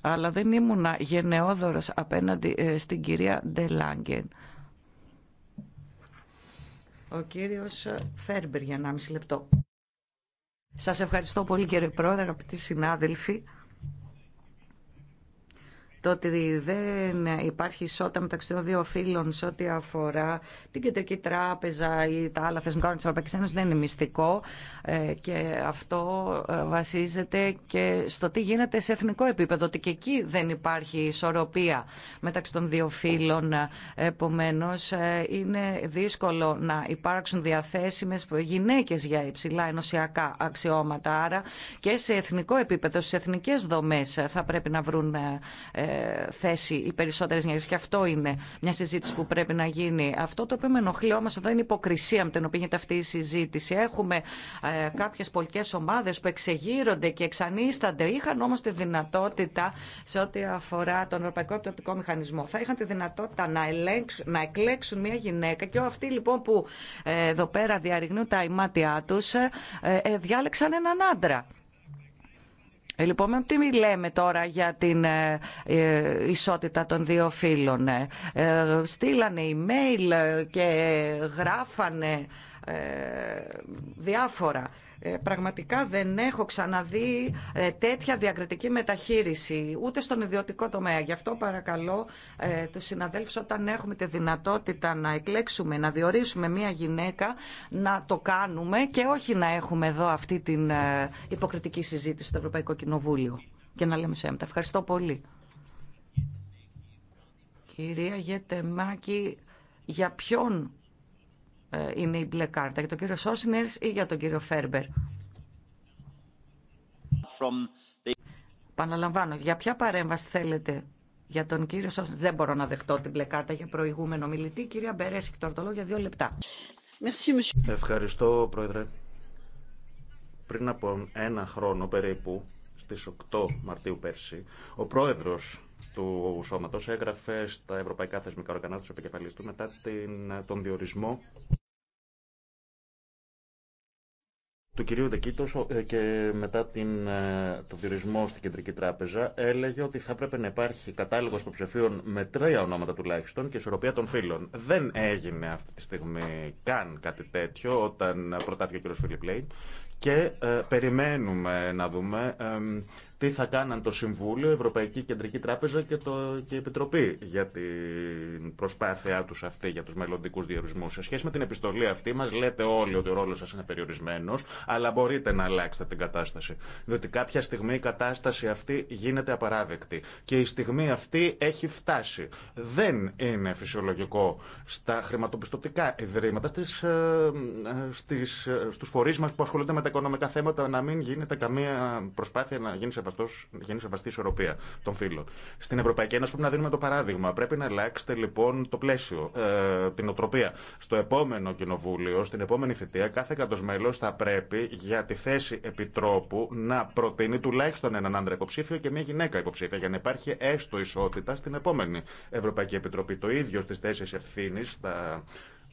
αλλά δεν ήμουνα γενναιόδωρος απέναντι ε, στην κυρία Ντελάγκεν. Ο κύριος Φέρμπερ για 1,5 λεπτό. Σας ευχαριστώ πολύ κύριε Πρόεδρε, αγαπητοί συνάδελφοι το ότι δεν υπάρχει ισότητα μεταξύ των δύο φύλων σε ό,τι αφορά την Κεντρική Τράπεζα ή τα άλλα θεσμικά όργανα τη Ευρωπαϊκή Ένωση δεν είναι μυστικό ε, και αυτό ε, βασίζεται και στο τι γίνεται σε εθνικό επίπεδο, ότι και εκεί δεν υπάρχει ισορροπία μεταξύ των δύο φύλων. Ε, Επομένω, είναι δύσκολο να υπάρξουν διαθέσιμε γυναίκε για υψηλά ενωσιακά αξιώματα. Άρα και σε εθνικό επίπεδο, στι εθνικέ δομέ θα πρέπει να βρουν θέση οι περισσότερε γυναίκε. Και αυτό είναι μια συζήτηση που πρέπει να γίνει. Αυτό το οποίο με ενοχλεί όμω εδώ είναι η υποκρισία με την οποία γίνεται αυτή η συζήτηση. Έχουμε ε, κάποιε πολιτικέ ομάδε που εξεγείρονται και εξανίστανται. Είχαν όμω τη δυνατότητα σε ό,τι αφορά τον Ευρωπαϊκό Επιτροπτικό Μηχανισμό. Θα είχαν τη δυνατότητα να, να εκλέξουν μια γυναίκα και αυτοί λοιπόν που ε, εδώ πέρα διαρριγνούν τα ημάτια του ε, ε, διάλεξαν έναν άντρα. Ε, λοιπόν, τι μιλάμε τώρα για την ε, ε, ισότητα των δύο φύλων. Στείλανε email και γράφανε ε, διάφορα. Ε, πραγματικά δεν έχω ξαναδεί ε, τέτοια διακριτική μεταχείριση ούτε στον ιδιωτικό τομέα. Γι' αυτό παρακαλώ τους συναδέλφους όταν έχουμε τη δυνατότητα να εκλέξουμε, να διορίσουμε μια γυναίκα να το κάνουμε και όχι να έχουμε εδώ αυτή την υποκριτική συζήτηση στο Ευρωπαϊκό Κοινοβούλιο και να λέμε έμπτα. Ευχαριστώ πολύ. Κυρία Γετεμάκη, για ποιον ε, είναι η μπλε κάρτα. Για τον κύριο Σόσνερ ή για τον κύριο Φέρμπερ. The... Παναλαμβάνω, για ποια παρέμβαση θέλετε για τον κύριο Σόσνερ. Δεν μπορώ να δεχτώ την μπλε κάρτα για προηγούμενο μιλητή. Κυρία Μπερέση, τώρα το για δύο λεπτά. Ευχαριστώ, Πρόεδρε. Πριν από ένα χρόνο περίπου, στις 8 Μαρτίου πέρσι, ο πρόεδρος του σώματος έγραφε στα ευρωπαϊκά θεσμικά οργανά του επικεφαλής του μετά τον διορισμό του κυρίου Δεκίτος ε, και μετά την, ε, το διορισμό στην Κεντρική Τράπεζα έλεγε ότι θα πρέπει να υπάρχει κατάλογο υποψηφίων με τρία ονόματα τουλάχιστον και ισορροπία των φίλων. Δεν έγινε αυτή τη στιγμή καν κάτι τέτοιο όταν προτάθηκε ο κύριος Φίλιπ Λέιν και ε, περιμένουμε να δούμε τι θα κάναν το Συμβούλιο, η Ευρωπαϊκή Κεντρική Τράπεζα και, το, και η Επιτροπή για την προσπάθειά του αυτή για του μελλοντικού διορισμού. Σε σχέση με την επιστολή αυτή, μα λέτε όλοι ότι ο ρόλο σα είναι περιορισμένο, αλλά μπορείτε να αλλάξετε την κατάσταση. Διότι κάποια στιγμή η κατάσταση αυτή γίνεται απαράδεκτη. Και η στιγμή αυτή έχει φτάσει. Δεν είναι φυσιολογικό στα χρηματοπιστωτικά ιδρύματα, στις, ε, ε, στις, ε, στους φορείς που ασχολούνται με τα οικονομικά θέματα, να μην γίνεται καμία προσπάθεια να γίνει σε αυτό γίνει σεβαστή ισορροπία των φίλων. Στην Ευρωπαϊκή Ένωση πρέπει να δίνουμε το παράδειγμα. Πρέπει να αλλάξετε λοιπόν το πλαίσιο, ε, την οτροπία. Στο επόμενο κοινοβούλιο, στην επόμενη θητεία, κάθε μέλο θα πρέπει για τη θέση επιτρόπου να προτείνει τουλάχιστον έναν άντρα υποψήφιο και μια γυναίκα υποψήφια για να υπάρχει έστω ισότητα στην επόμενη Ευρωπαϊκή Επιτροπή. Το ίδιο στι θέσει ευθύνη στα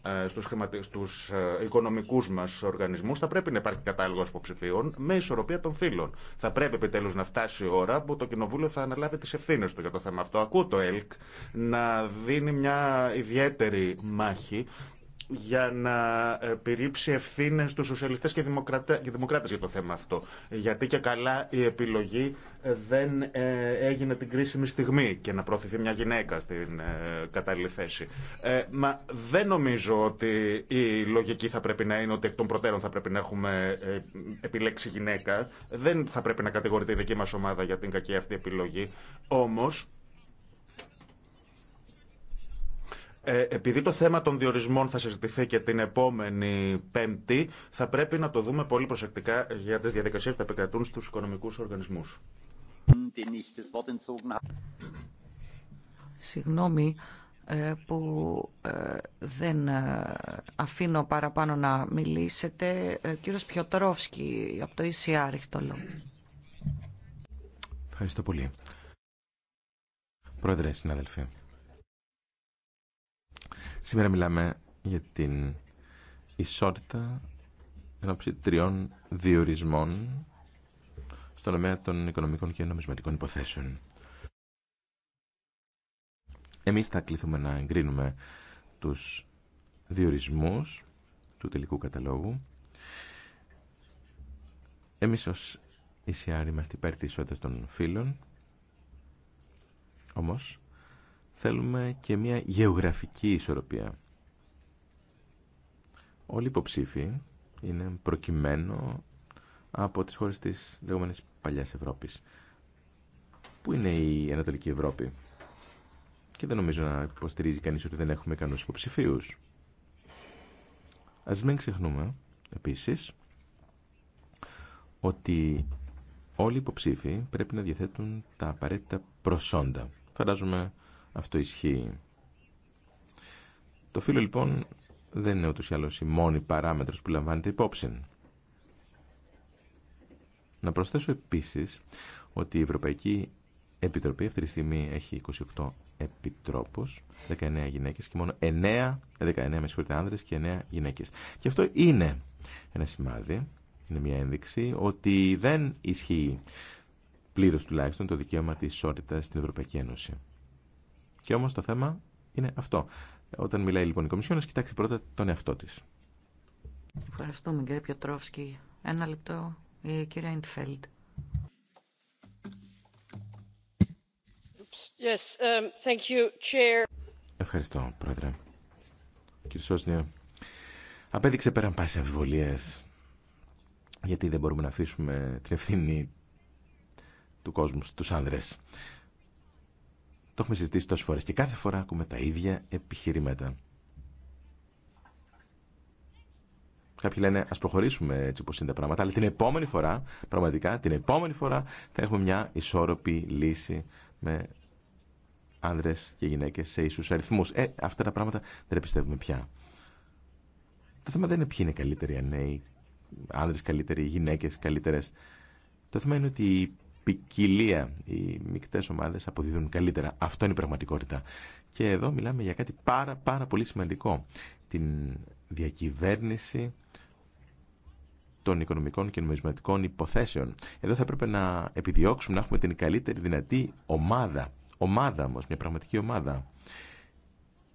ε, στους, στους ε, οικονομικούς μας οργανισμούς θα πρέπει να υπάρχει κατάλογο υποψηφίων με ισορροπία των φύλων. Θα πρέπει επιτέλους να φτάσει η ώρα που το Κοινοβούλιο θα αναλάβει τις ευθύνες του για το θέμα αυτό. Ακούω το ΕΛΚ να δίνει μια ιδιαίτερη μάχη για να ε, πηρύψει ευθύνε στους σοσιαλιστέ και δημοκράτες για το θέμα αυτό. Γιατί και καλά η επιλογή ε, δεν ε, έγινε την κρίσιμη στιγμή και να προωθηθεί μια γυναίκα στην κατάλληλη θέση. Μα δεν νομίζω ότι η λογική θα πρέπει να είναι ότι εκ των προτέρων θα πρέπει να έχουμε επιλέξει γυναίκα. Δεν θα πρέπει να κατηγορείται η δική μα ομάδα για την κακή αυτή επιλογή. Όμως Ε, επειδή το θέμα των διορισμών θα συζητηθεί και την επόμενη Πέμπτη, θα πρέπει να το δούμε πολύ προσεκτικά για τι διαδικασίε που θα επικρατούν στους οικονομικού οργανισμού. Συγγνώμη ε, που ε, δεν αφήνω παραπάνω να μιλήσετε. Ο κύριος Πιωτρόφσκι από το ECR το λόγο. Ευχαριστώ πολύ. Πρόεδρε, συναδελφοί. Σήμερα μιλάμε για την ισότητα ενώψη τριών διορισμών στον τομέα των οικονομικών και νομισματικών υποθέσεων. Εμείς θα κληθούμε να εγκρίνουμε τους διορισμούς του τελικού καταλόγου. Εμείς ως ECR είμαστε υπέρ της ισότητας των φύλων, όμως θέλουμε και μια γεωγραφική ισορροπία. Όλοι οι υποψήφοι είναι προκειμένο από τις χώρες της λεγόμενης παλιάς Ευρώπης. Πού είναι η Ανατολική Ευρώπη? Και δεν νομίζω να υποστηρίζει κανείς ότι δεν έχουμε κανούς υποψηφίους. Ας μην ξεχνούμε, επίσης, ότι όλοι οι υποψήφοι πρέπει να διαθέτουν τα απαραίτητα προσόντα. Φαντάζομαι αυτό ισχύει. Το φύλλο λοιπόν δεν είναι ούτως ή άλλως η μόνη παράμετρος που λαμβάνεται υπόψη. Να προσθέσω επίσης ότι η Ευρωπαϊκή Επιτροπή αυτή τη στιγμή έχει 28 επιτρόπους, 19 γυναίκες και μόνο 9, 19 με συγχωρείτε άνδρες και 9 γυναίκες. Και αυτό είναι ένα σημάδι, είναι μια ένδειξη ότι δεν ισχύει πλήρως τουλάχιστον το δικαίωμα της ισότητας στην Ευρωπαϊκή Ένωση. Και όμως το θέμα είναι αυτό. Όταν μιλάει λοιπόν η Κομισιόν, α κοιτάξει πρώτα τον εαυτό της. Ευχαριστούμε κύριε Πιοτρόφσκι. Ένα λεπτό, η κυρία Ιντφέλντ. Yes, um, thank you, chair. Ευχαριστώ, Πρόεδρε. Κύριε Σόσνια, απέδειξε πέραν πάση αμφιβολίες γιατί δεν μπορούμε να αφήσουμε την ευθύνη του κόσμου στου άνδρε. Το έχουμε συζητήσει τόσες φορές και κάθε φορά ακούμε τα ίδια επιχειρήματα. Κάποιοι λένε ας προχωρήσουμε έτσι όπως είναι τα πράγματα, αλλά την επόμενη φορά, πραγματικά την επόμενη φορά θα έχουμε μια ισόρροπη λύση με άνδρες και γυναίκες σε ίσους αριθμού. Ε, αυτά τα πράγματα δεν πιστεύουμε πια. Το θέμα δεν είναι ποιοι είναι καλύτεροι, αν άνδρες καλύτεροι, οι γυναίκες καλύτερες. Το θέμα είναι ότι ποικιλία. Οι μεικτές ομάδες αποδίδουν καλύτερα. Αυτό είναι η πραγματικότητα. Και εδώ μιλάμε για κάτι πάρα πάρα πολύ σημαντικό. Την διακυβέρνηση των οικονομικών και νομισματικών υποθέσεων. Εδώ θα πρέπει να επιδιώξουμε να έχουμε την καλύτερη δυνατή ομάδα. Ομάδα όμω, μια πραγματική ομάδα.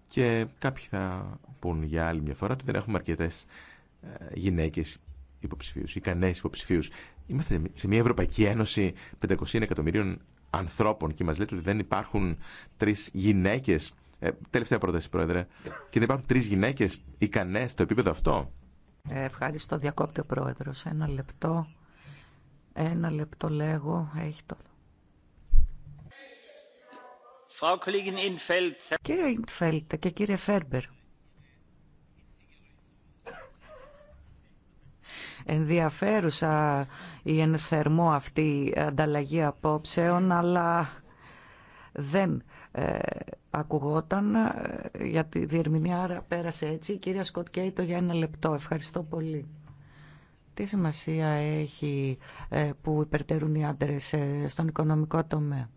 Και κάποιοι θα πούν για άλλη μια φορά ότι δεν έχουμε αρκετέ ε, γυναίκε υποψηφίου, ικανές υποψηφίους Είμαστε σε μια Ευρωπαϊκή Ένωση 500 εκατομμυρίων ανθρώπων και μας λέτε ότι δεν υπάρχουν τρεις γυναίκες. Ε, τελευταία πρόταση, Πρόεδρε. Και δεν υπάρχουν τρεις γυναίκες ικανές στο επίπεδο αυτό. Ε, ευχαριστώ. Διακόπτε ο Πρόεδρος. Ένα λεπτό. Ένα λεπτό λέγω. Έχει το... Κύριε Ιντφέλτ και κύριε Φέρμπερ, ενδιαφέρουσα η ενθερμό αυτή ανταλλαγή απόψεων, αλλά δεν ε, ακουγόταν ε, γιατί τη διερμηνία, άρα πέρασε έτσι. κυρία Σκοτ Κέιτο για ένα λεπτό. Ευχαριστώ πολύ. Τι σημασία έχει ε, που υπερτερούν οι άντρες στον οικονομικό τομέα.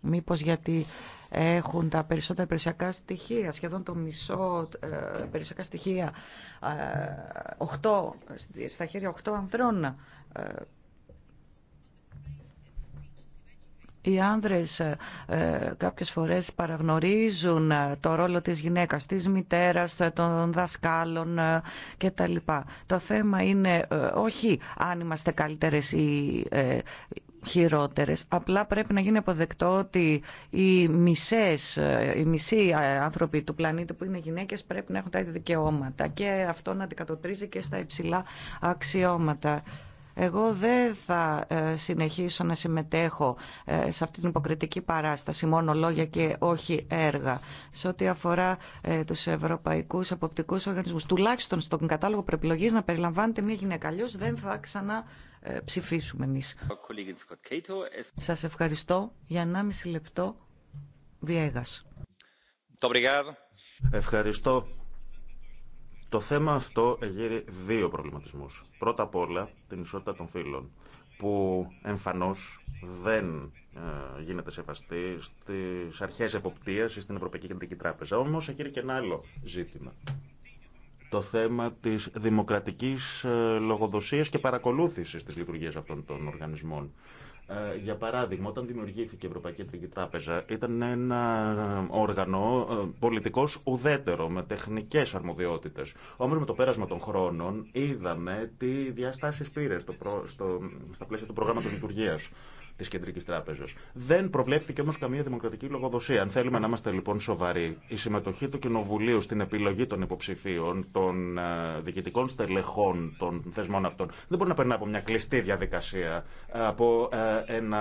Μήπως γιατί έχουν τα περισσότερα περιουσιακά στοιχεία, σχεδόν το μισό ε, περιουσιακά στοιχεία, 8, ε, στα χέρια 8 ανδρών. Ε, οι άνδρες κάποιες φορές παραγνωρίζουν το ρόλο της γυναίκας, της μητέρας, των δασκάλων κτλ. Το θέμα είναι όχι αν είμαστε καλύτερες χειρότερες. Απλά πρέπει να γίνει αποδεκτό ότι οι, μισές, οι μισοί άνθρωποι του πλανήτη που είναι γυναίκες πρέπει να έχουν τα ίδια δικαιώματα και αυτό να αντικατοπτρίζει και στα υψηλά αξιώματα. Εγώ δεν θα ε, συνεχίσω να συμμετέχω ε, σε αυτή την υποκριτική παράσταση, μόνο λόγια και όχι έργα. Σε ό,τι αφορά ε, τους ευρωπαϊκούς αποπτικούς οργανισμούς, τουλάχιστον στον κατάλογο προεπιλογής να περιλαμβάνεται μια γυναίκα. αλλιώ, δεν θα ξανά ε, ψηφίσουμε εμείς. Σας ευχαριστώ. Για 1,5 λεπτό, Βιέγας. Ευχαριστώ. Το θέμα αυτό εγείρει δύο προβληματισμούς. Πρώτα απ' όλα, την ισότητα των φίλων, που εμφανώς δεν ε, γίνεται σεβαστή στις αρχές εποπτείας ή στην Ευρωπαϊκή Κεντρική Τράπεζα. Όμως, έχει και ένα άλλο ζήτημα το θέμα της δημοκρατικής ε, λογοδοσίας και παρακολούθησης της λειτουργίας αυτών των οργανισμών. Ε, για παράδειγμα, όταν δημιουργήθηκε η Ευρωπαϊκή Κεντρική Τράπεζα, ήταν ένα όργανο ε, πολιτικός ουδέτερο, με τεχνικέ αρμοδιότητε. Όμω, με το πέρασμα των χρόνων, είδαμε τι διαστάσει πήρε στο, στο, στα πλαίσια του προγράμματο λειτουργία τη Κεντρική Τράπεζα. Δεν προβλέφθηκε όμω καμία δημοκρατική λογοδοσία. Αν θέλουμε να είμαστε λοιπόν σοβαροί, η συμμετοχή του Κοινοβουλίου στην επιλογή των υποψηφίων, των ε, διοικητικών στελεχών των θεσμών αυτών, δεν μπορεί να περνά από μια κλειστή διαδικασία, από, ε, ένα,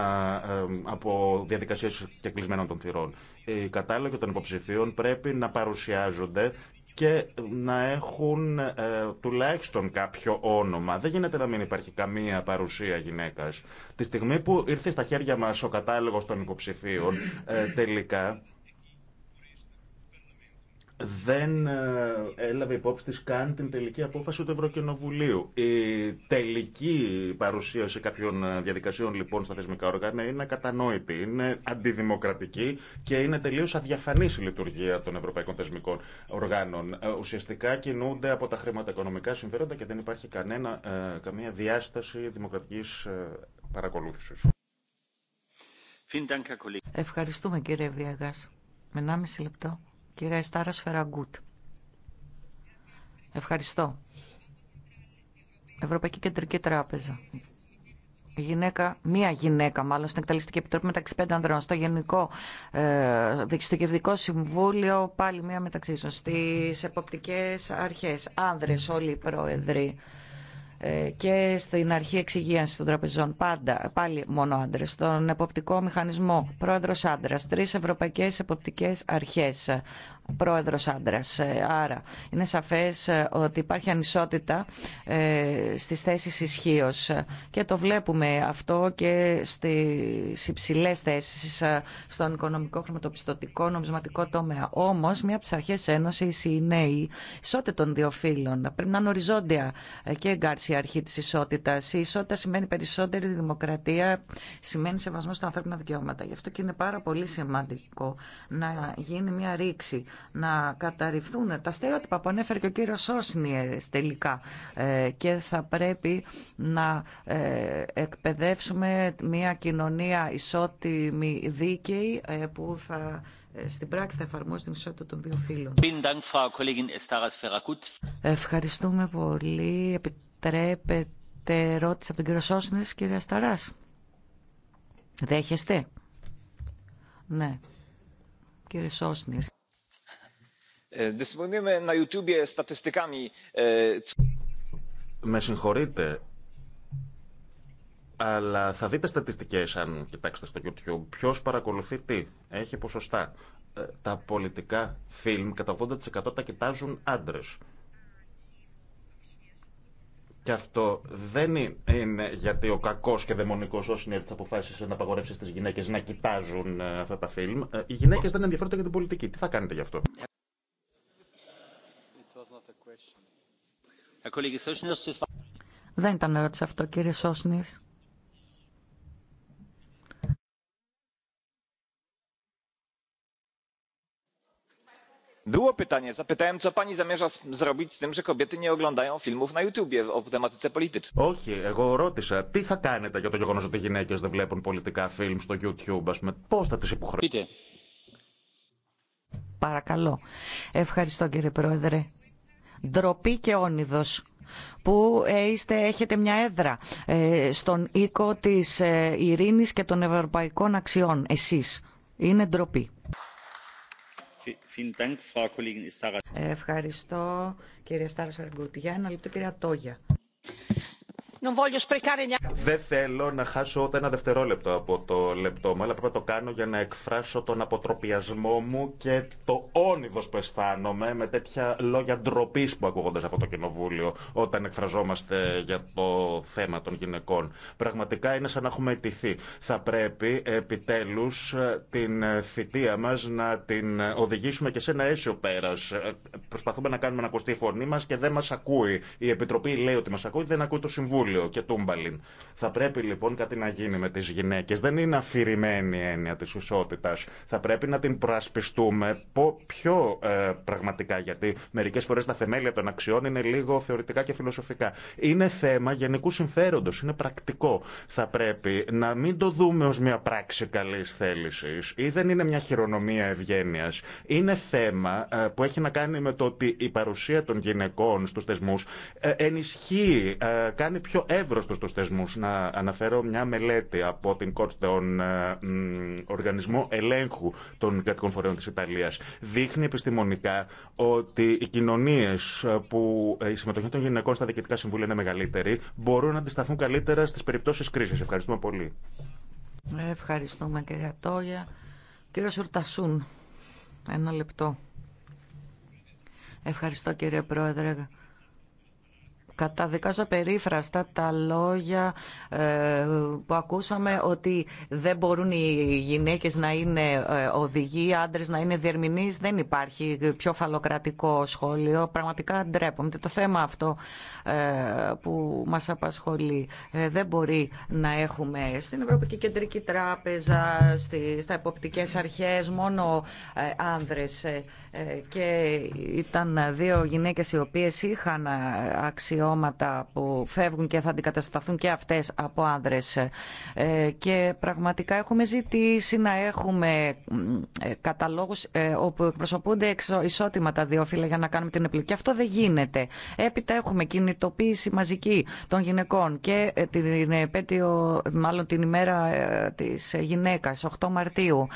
ε, από διαδικασίε και κλεισμένων των θυρών. Οι κατάλογοι των υποψηφίων πρέπει να παρουσιάζονται και να έχουν ε, τουλάχιστον κάποιο όνομα. Δεν γίνεται να μην υπάρχει καμία παρουσία γυναίκας. Τη στιγμή που ήρθε στα χέρια μας ο κατάλογος των υποψηφίων, ε, τελικά δεν ε, έλαβε υπόψη της καν την τελική απόφαση του Ευρωκοινοβουλίου. Η τελική παρουσίαση κάποιων ε, διαδικασιών λοιπόν στα θεσμικά όργανα είναι ακατανόητη, είναι αντιδημοκρατική και είναι τελείως αδιαφανής η λειτουργία των ευρωπαϊκών θεσμικών οργάνων. Ε, ουσιαστικά κινούνται από τα χρήματα οικονομικά συμφέροντα και δεν υπάρχει κανένα, καμία διάσταση δημοκρατικής παρακολούθησης. Ευχαριστούμε κύριε Βιαγάς. Με 1,5 λεπτό. Κυρία Εστάρα Σφεραγκούτ. Ευχαριστώ. Ευρωπαϊκή Κεντρική Τράπεζα. Γυναίκα, μία γυναίκα μάλλον στην Εκταλιστική Επιτροπή μεταξύ πέντε ανδρών. Στο Γενικό ε, στο Συμβούλιο πάλι μία μεταξύ Στι εποπτικές αρχές. Άνδρες όλοι οι πρόεδροι. Ε, και στην αρχή εξυγίανση των τραπεζών. Πάντα, πάλι μόνο άντρε. Στον εποπτικό μηχανισμό, πρόεδρο άντρα. Τρει ευρωπαϊκέ εποπτικέ αρχέ πρόεδρος άντρα. Ε, άρα είναι σαφές ε, ότι υπάρχει ανισότητα ε, στις θέσεις ισχύω. και το βλέπουμε αυτό και στις υψηλές θέσεις στον οικονομικό, χρηματοπιστωτικό, νομισματικό τομέα. Όμως μια από τις αρχές ένωσης είναι η ισότητα των δύο φύλων. Πρέπει να είναι οριζόντια και εγκάρση η αρχή της ισότητας. Η ισότητα σημαίνει περισσότερη δημοκρατία, σημαίνει σεβασμό στα ανθρώπινα δικαιώματα. Γι' αυτό και είναι πάρα πολύ σημαντικό να γίνει μια ρήξη να καταρριφθούν τα στερεότυπα που ανέφερε και ο κύριο Σόσνιερ τελικά ε, και θα πρέπει να ε, εκπαιδεύσουμε μια κοινωνία ισότιμη δίκαιη ε, που θα στην πράξη θα εφαρμόσει την ισότητα των δύο φύλων. Ευχαριστούμε πολύ. Επιτρέπετε ερώτηση από τον κύριο Σόσνιερ, κυρία Σταράς. Δέχεστε. Ναι. Κύριε Σόσνιερ. Ε, ε, ε, Με συγχωρείτε, αλλά θα δείτε στατιστικές αν κοιτάξετε στο YouTube ποιος παρακολουθεί τι. Έχει ποσοστά. Τα πολιτικά φιλμ κατά 80% τα κοιτάζουν άντρες. Και αυτό δεν είναι γιατί ο κακό και δαιμονικό Όσνιερτ αποφάσισε να απαγορεύσει στι γυναίκε να κοιτάζουν αυτά τα φιλμ. Οι γυναίκε δεν ενδιαφέρονται για την πολιτική. Τι θα κάνετε γι' αυτό. Δεν ήταν ερώτηση αυτό, κύριε Σόσνη. Było pytanie, zapytałem, co pani zamierza zrobić z tym, że kobiety nie oglądają filmów na o tematyce politycznej. Όχι, εγώ ρώτησα, τι θα κάνετε για το γεγονός ότι οι γυναίκες δεν βλέπουν πολιτικά φιλμ στο YouTube, ας πούμε, πώς θα τις υποχρεώσετε. Παρακαλώ. Ευχαριστώ κύριε Πρόεδρε ντροπή και όνειδος που ε, είστε, έχετε μια έδρα ε, στον οίκο της ε, ειρήνης και των ευρωπαϊκών αξιών. Εσείς. Είναι ντροπή. Ευχαριστώ κύριε Στάρα Αργκούτη. Για ένα λεπτό κυρία Τόγια. Δεν θέλω να χάσω ούτε ένα δευτερόλεπτο από το λεπτό μου, αλλά πρέπει να το κάνω για να εκφράσω τον αποτροπιασμό μου και το όνειδο που αισθάνομαι με τέτοια λόγια ντροπή που ακούγονται από το Κοινοβούλιο όταν εκφραζόμαστε για το θέμα των γυναικών. Πραγματικά είναι σαν να έχουμε ετηθεί. Θα πρέπει επιτέλου ε, την ε, θητεία μα να την ε, οδηγήσουμε και σε ένα αίσιο πέρα. Προσπαθούμε να κάνουμε να ακουστεί η φωνή μα και δεν μα ακούει. Η Επιτροπή λέει ότι μα ακούει, δεν ακούει το Συμβούλιο και τούμπαλιν. Θα πρέπει λοιπόν κάτι να γίνει με τι γυναίκε. Δεν είναι αφηρημένη η έννοια τη ισότητα. Θα πρέπει να την προασπιστούμε πιο ε, πραγματικά, γιατί μερικέ φορέ τα θεμέλια των αξιών είναι λίγο θεωρητικά και φιλοσοφικά. Είναι θέμα γενικού συμφέροντο, είναι πρακτικό. Θα πρέπει να μην το δούμε ω μια πράξη καλή θέληση ή δεν είναι μια χειρονομία ευγένεια. Είναι θέμα ε, που έχει να κάνει με το ότι η παρουσία των γυναικών στου θεσμού ε, ενισχύει, κάνει πιο πιο εύρωστο στους θεσμούς. Να αναφέρω μια μελέτη από την κόρτ τον ε, Οργανισμό Ελέγχου των Κρατικών Φορέων τη Ιταλία. Δείχνει επιστημονικά ότι οι κοινωνίες που ε, η συμμετοχή των γυναικών στα διοικητικά συμβούλια είναι μεγαλύτερη μπορούν να αντισταθούν καλύτερα στις περιπτώσεις κρίσης. Ευχαριστούμε πολύ. Ευχαριστούμε κύριε Τόγια. Κύριε Σουρτασούν, ένα λεπτό. Ευχαριστώ κύριε Πρόεδρε. Καταδικάζω περίφραστα τα λόγια ε, που ακούσαμε ότι δεν μπορούν οι γυναίκες να είναι ε, οδηγοί, οι άντρες να είναι διερμηνείς. Δεν υπάρχει πιο φαλοκρατικό σχόλιο. Πραγματικά ντρέπομαι. Το θέμα αυτό ε, που μας απασχολεί δεν μπορεί να έχουμε στην Ευρωπαϊκή Κεντρική Τράπεζα, στα εποπτικές αρχές, μόνο άνδρες. Και ήταν δύο γυναίκες οι οποίες είχαν αξιώσει που φεύγουν και θα αντικατασταθούν και αυτές από άνδρες. Ε, και πραγματικά έχουμε ζητήσει να έχουμε ε, καταλόγους ε, όπου εκπροσωπούνται ισότιμα τα δύο φύλλα για να κάνουμε την επιλογή. Και αυτό δεν γίνεται. Έπειτα έχουμε κινητοποίηση μαζική των γυναικών και την επέτειο, μάλλον την ημέρα της γυναίκας, 8 Μαρτίου.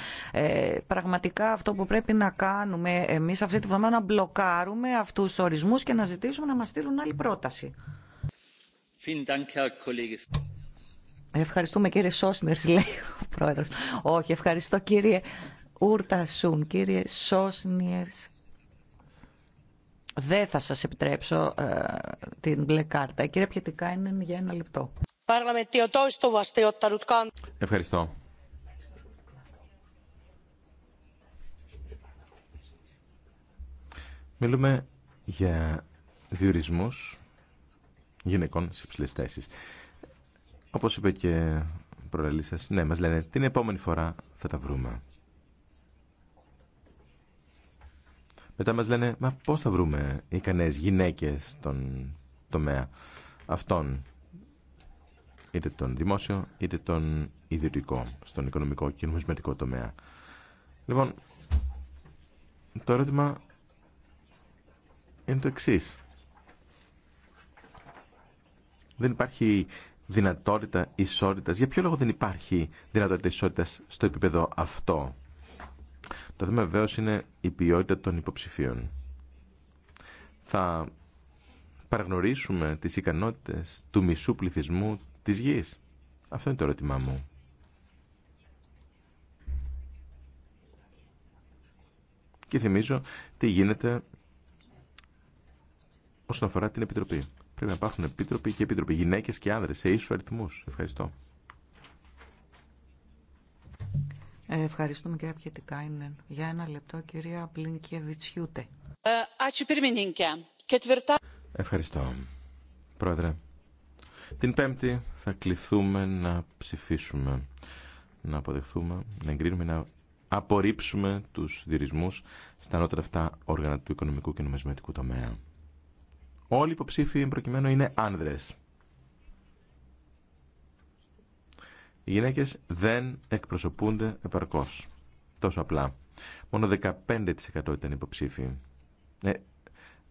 Πραγματικά αυτό που πρέπει να κάνουμε εμείς αυτή τη βδομάδα να μπλοκάρουμε αυτούς τους ορισμούς και να ζητήσουμε να μας στείλουν άλλη πρόταση. Ευχαριστούμε κύριε Σόσνιερ λέει ο πρόεδρος. Όχι, ευχαριστώ κύριε Ούρτασούν, κύριε Σόσνιερ Δεν θα σας επιτρέψω ε, την μπλε κάρτα. Ε, κύριε κυρία είναι για ένα λεπτό. Ευχαριστώ. Μιλούμε για διορισμούς γυναικών σε υψηλέ θέσει. Όπω είπε και προλαλή σα, ναι, μα λένε την επόμενη φορά θα τα βρούμε. Μετά μας λένε, μα πώς θα βρούμε ικανές γυναίκες στον τομέα αυτών, είτε τον δημόσιο, είτε τον ιδιωτικό, στον οικονομικό και νομισματικό τομέα. Λοιπόν, το ερώτημα είναι το εξής δεν υπάρχει δυνατότητα ισότητα. Για ποιο λόγο δεν υπάρχει δυνατότητα ισότητα στο επίπεδο αυτό. Το θέμα βεβαίω είναι η ποιότητα των υποψηφίων. Θα παραγνωρίσουμε τις ικανότητες του μισού πληθυσμού της γης. Αυτό είναι το ερώτημά μου. Και θυμίζω τι γίνεται όσον αφορά την Επιτροπή. Πρέπει να υπάρχουν επίτροποι και επίτροποι, γυναίκε και άνδρε σε ίσου αριθμού. Ευχαριστώ. Ε, ευχαριστούμε κυρία Πιετικάινεν. Για ένα λεπτό κυρία Πλίνκεβιτσιούτε. Ε, Ευχαριστώ. Πρόεδρε, την Πέμπτη θα κληθούμε να ψηφίσουμε, να αποδεχθούμε, να εγκρίνουμε, να απορρίψουμε τους διορισμούς στα ανώτερα αυτά όργανα του οικονομικού και νομισματικού τομέα. Όλοι οι υποψήφοι προκειμένου είναι άνδρες. Οι γυναίκες δεν εκπροσωπούνται επαρκώς. Τόσο απλά. Μόνο 15% ήταν υποψήφοι. Ε,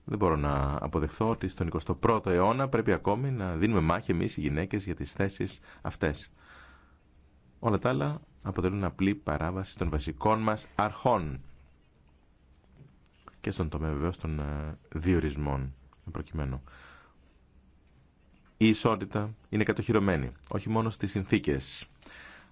δεν μπορώ να αποδεχθώ ότι στον 21ο αιώνα πρέπει ακόμη να δίνουμε μάχη εμεί, οι γυναίκες για τις θέσεις αυτές. Όλα τα άλλα αποτελούν απλή παράβαση των βασικών μα αρχών και στον τομέα βεβαιω των ε, διορισμών προκειμένου. Η ισότητα είναι κατοχυρωμένη, όχι μόνο στις συνθήκες,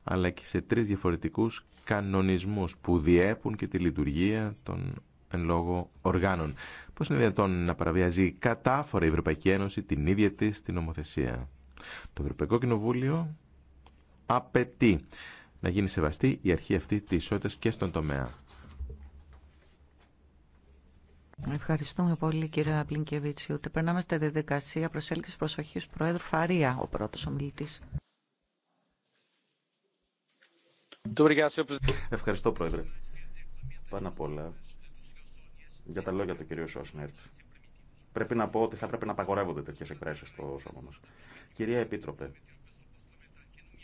αλλά και σε τρεις διαφορετικούς κανονισμούς που διέπουν και τη λειτουργία των εν λόγω οργάνων. Πώς είναι δυνατόν να παραβιάζει κατάφορα η Ευρωπαϊκή Ένωση την ίδια της την νομοθεσία. Το Ευρωπαϊκό Κοινοβούλιο απαιτεί να γίνει σεβαστή η αρχή αυτή της ισότητας και στον τομέα Ευχαριστούμε πολύ κύριε Πλινκεβίτσι. Ούτε περνάμε στη διαδικασία προσέλκυσης προσοχής Προέδρου Φαρία, ο πρώτος ομιλητής. Ευχαριστώ Πρόεδρε. Πάνω απ' όλα για τα λόγια του κυρίου Σόσνερτ. Πρέπει να πω ότι θα πρέπει να απαγορεύονται τέτοιες εκφράσεις στο σώμα μας. Κυρία Επίτροπε,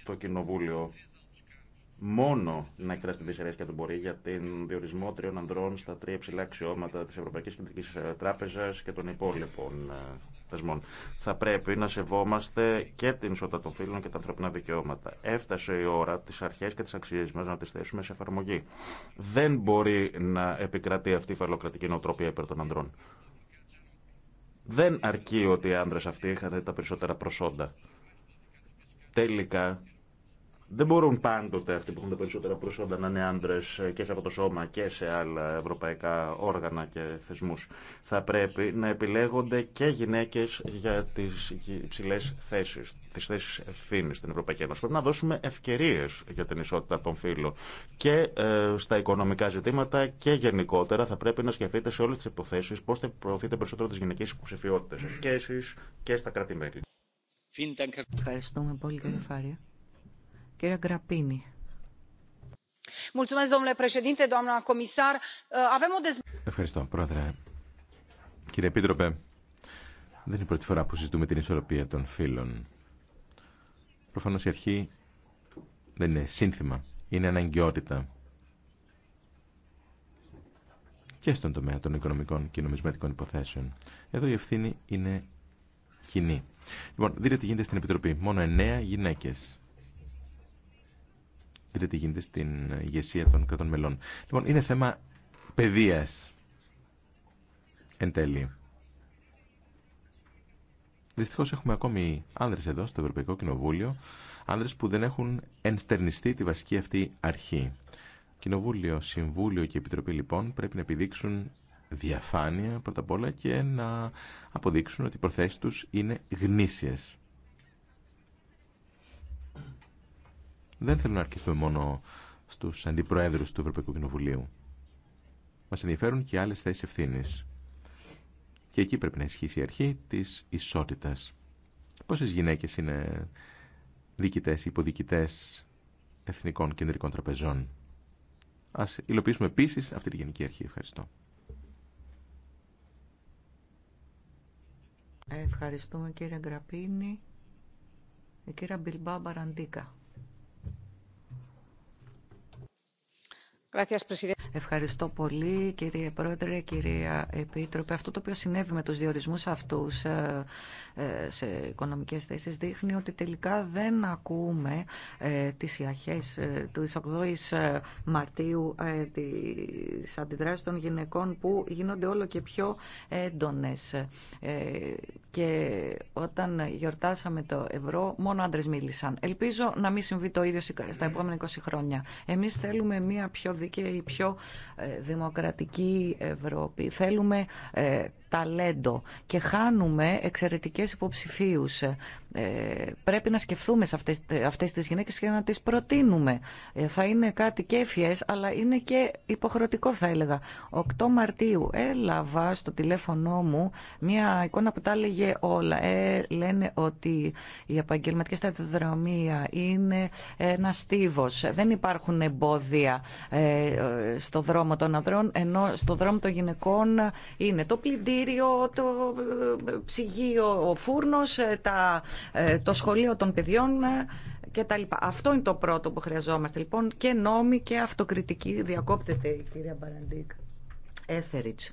το Κοινοβούλιο μόνο να εκφράσει την δυσαρέσκεια του μπορεί για την διορισμό τριών ανδρών στα τρία υψηλά αξιώματα τη Ευρωπαϊκή Κεντρική ε, Τράπεζα και των υπόλοιπων ε, θεσμών. Θα πρέπει να σεβόμαστε και την ισότητα των φίλων και τα ανθρωπινά δικαιώματα. Έφτασε η ώρα τι αρχέ και τι αξίε μα να τι θέσουμε σε εφαρμογή. Δεν μπορεί να επικρατεί αυτή η φαλοκρατική νοοτροπία υπέρ των ανδρών. Δεν αρκεί ότι οι άντρε αυτοί είχαν τα περισσότερα προσόντα. Τελικά δεν μπορούν πάντοτε αυτοί που έχουν τα περισσότερα προσόντα να είναι άντρε και σε αυτό το σώμα και σε άλλα ευρωπαϊκά όργανα και θεσμού. Θα πρέπει να επιλέγονται και γυναίκε για τι υψηλέ θέσει, τι θέσει ευθύνη στην Ευρωπαϊκή Ένωση. Πρέπει να δώσουμε ευκαιρίε για την ισότητα των φύλων και ε, στα οικονομικά ζητήματα και γενικότερα. Θα πρέπει να σκεφτείτε σε όλε τι υποθέσει πώ θα προωθείτε περισσότερο τι γυναικέ υποψηφιότητε και εσεί και στα κρατη Ευχαριστούμε πολύ, κύριε Κύριε Γκραπίνη. Uh, Ευχαριστώ, Πρόεδρε. Κύριε Επίτροπε, δεν είναι η πρώτη φορά που συζητούμε την ισορροπία των φύλων. Προφανώς η αρχή δεν είναι σύνθημα, είναι αναγκαιότητα. Και στον τομέα των οικονομικών και νομισματικών υποθέσεων. Εδώ η ευθύνη είναι κοινή. Λοιπόν, δείτε τι γίνεται στην Επιτροπή. Μόνο εννέα γυναίκες δείτε τι γίνεται στην ηγεσία των κρατών μελών. Λοιπόν, είναι θέμα παιδείας εν τέλει. Δυστυχώ έχουμε ακόμη άνδρες εδώ στο Ευρωπαϊκό Κοινοβούλιο, άνδρες που δεν έχουν ενστερνιστεί τη βασική αυτή αρχή. Κοινοβούλιο, Συμβούλιο και Επιτροπή λοιπόν πρέπει να επιδείξουν διαφάνεια πρώτα απ' όλα και να αποδείξουν ότι οι προθέσεις τους είναι γνήσιες. δεν θέλουν να αρκεστούμε μόνο στους αντιπροέδρους του Ευρωπαϊκού Κοινοβουλίου. Μα ενδιαφέρουν και άλλες θέσει ευθύνη. Και εκεί πρέπει να ισχύσει η αρχή της ισότητας. Πόσε γυναίκες είναι ή υποδιοικητέ εθνικών κεντρικών τραπεζών. Α υλοποιήσουμε επίση αυτή τη γενική αρχή. Ευχαριστώ. Ευχαριστούμε κύριε Γκραπίνη. Η κυρία Μπιλμπά Μπαραντίκα. Ευχαριστώ πολύ κύριε Πρόεδρε, κυρία Επίτροπε. Αυτό το οποίο συνέβη με τους διορισμούς αυτούς ε, ε, σε οικονομικές θέσεις δείχνει ότι τελικά δεν ακούμε ε, τις ιαχές του 8 Μαρτίου τη αντιδράσεις των γυναικών που γίνονται όλο και πιο έντονες και όταν γιορτάσαμε το ευρώ, μόνο άντρε μίλησαν. Ελπίζω να μην συμβεί το ίδιο στα επόμενα 20 χρόνια. Εμεί θέλουμε μια πιο δίκαιη, πιο ε, δημοκρατική Ευρώπη. Θέλουμε ε, ταλέντο και χάνουμε εξαιρετικές υποψηφίους. Ε, πρέπει να σκεφτούμε σε αυτές, ε, αυτές τις γυναίκες και να τις προτείνουμε. Ε, θα είναι κάτι και αλλά είναι και υποχρεωτικό θα έλεγα. 8 Μαρτίου έλαβα στο τηλέφωνό μου μια εικόνα που τα έλεγε όλα. Ε, λένε ότι η επαγγελματική σταδιοδρομία είναι ένα στίβος. Δεν υπάρχουν εμπόδια ε, στο δρόμο των ανδρών, ενώ στο δρόμο των γυναικών είναι το πλυντή κτίριο, το ε, ψυγείο, ο φούρνος, ε, τα, ε, το σχολείο των παιδιών και λοιπά. Αυτό είναι το πρώτο που χρειαζόμαστε. Λοιπόν, και νόμοι και αυτοκριτική. Διακόπτεται η κυρία Μπαραντίκ. Έθεριτς.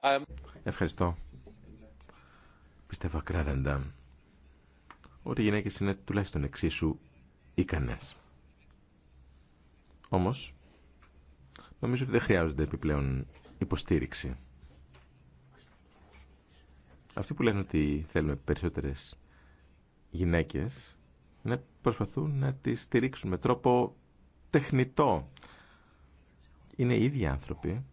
Um, Ευχαριστώ. Πιστεύω ακράδαντα ότι οι γυναίκες είναι τουλάχιστον εξίσου ικανές. Όμως, νομίζω ότι δεν χρειάζονται επιπλέον υποστήριξη. Αυτοί που λένε ότι θέλουμε περισσότερες γυναίκες, να προσπαθούν να τις στηρίξουν με τρόπο τεχνητό. Είναι οι ίδιοι άνθρωποι,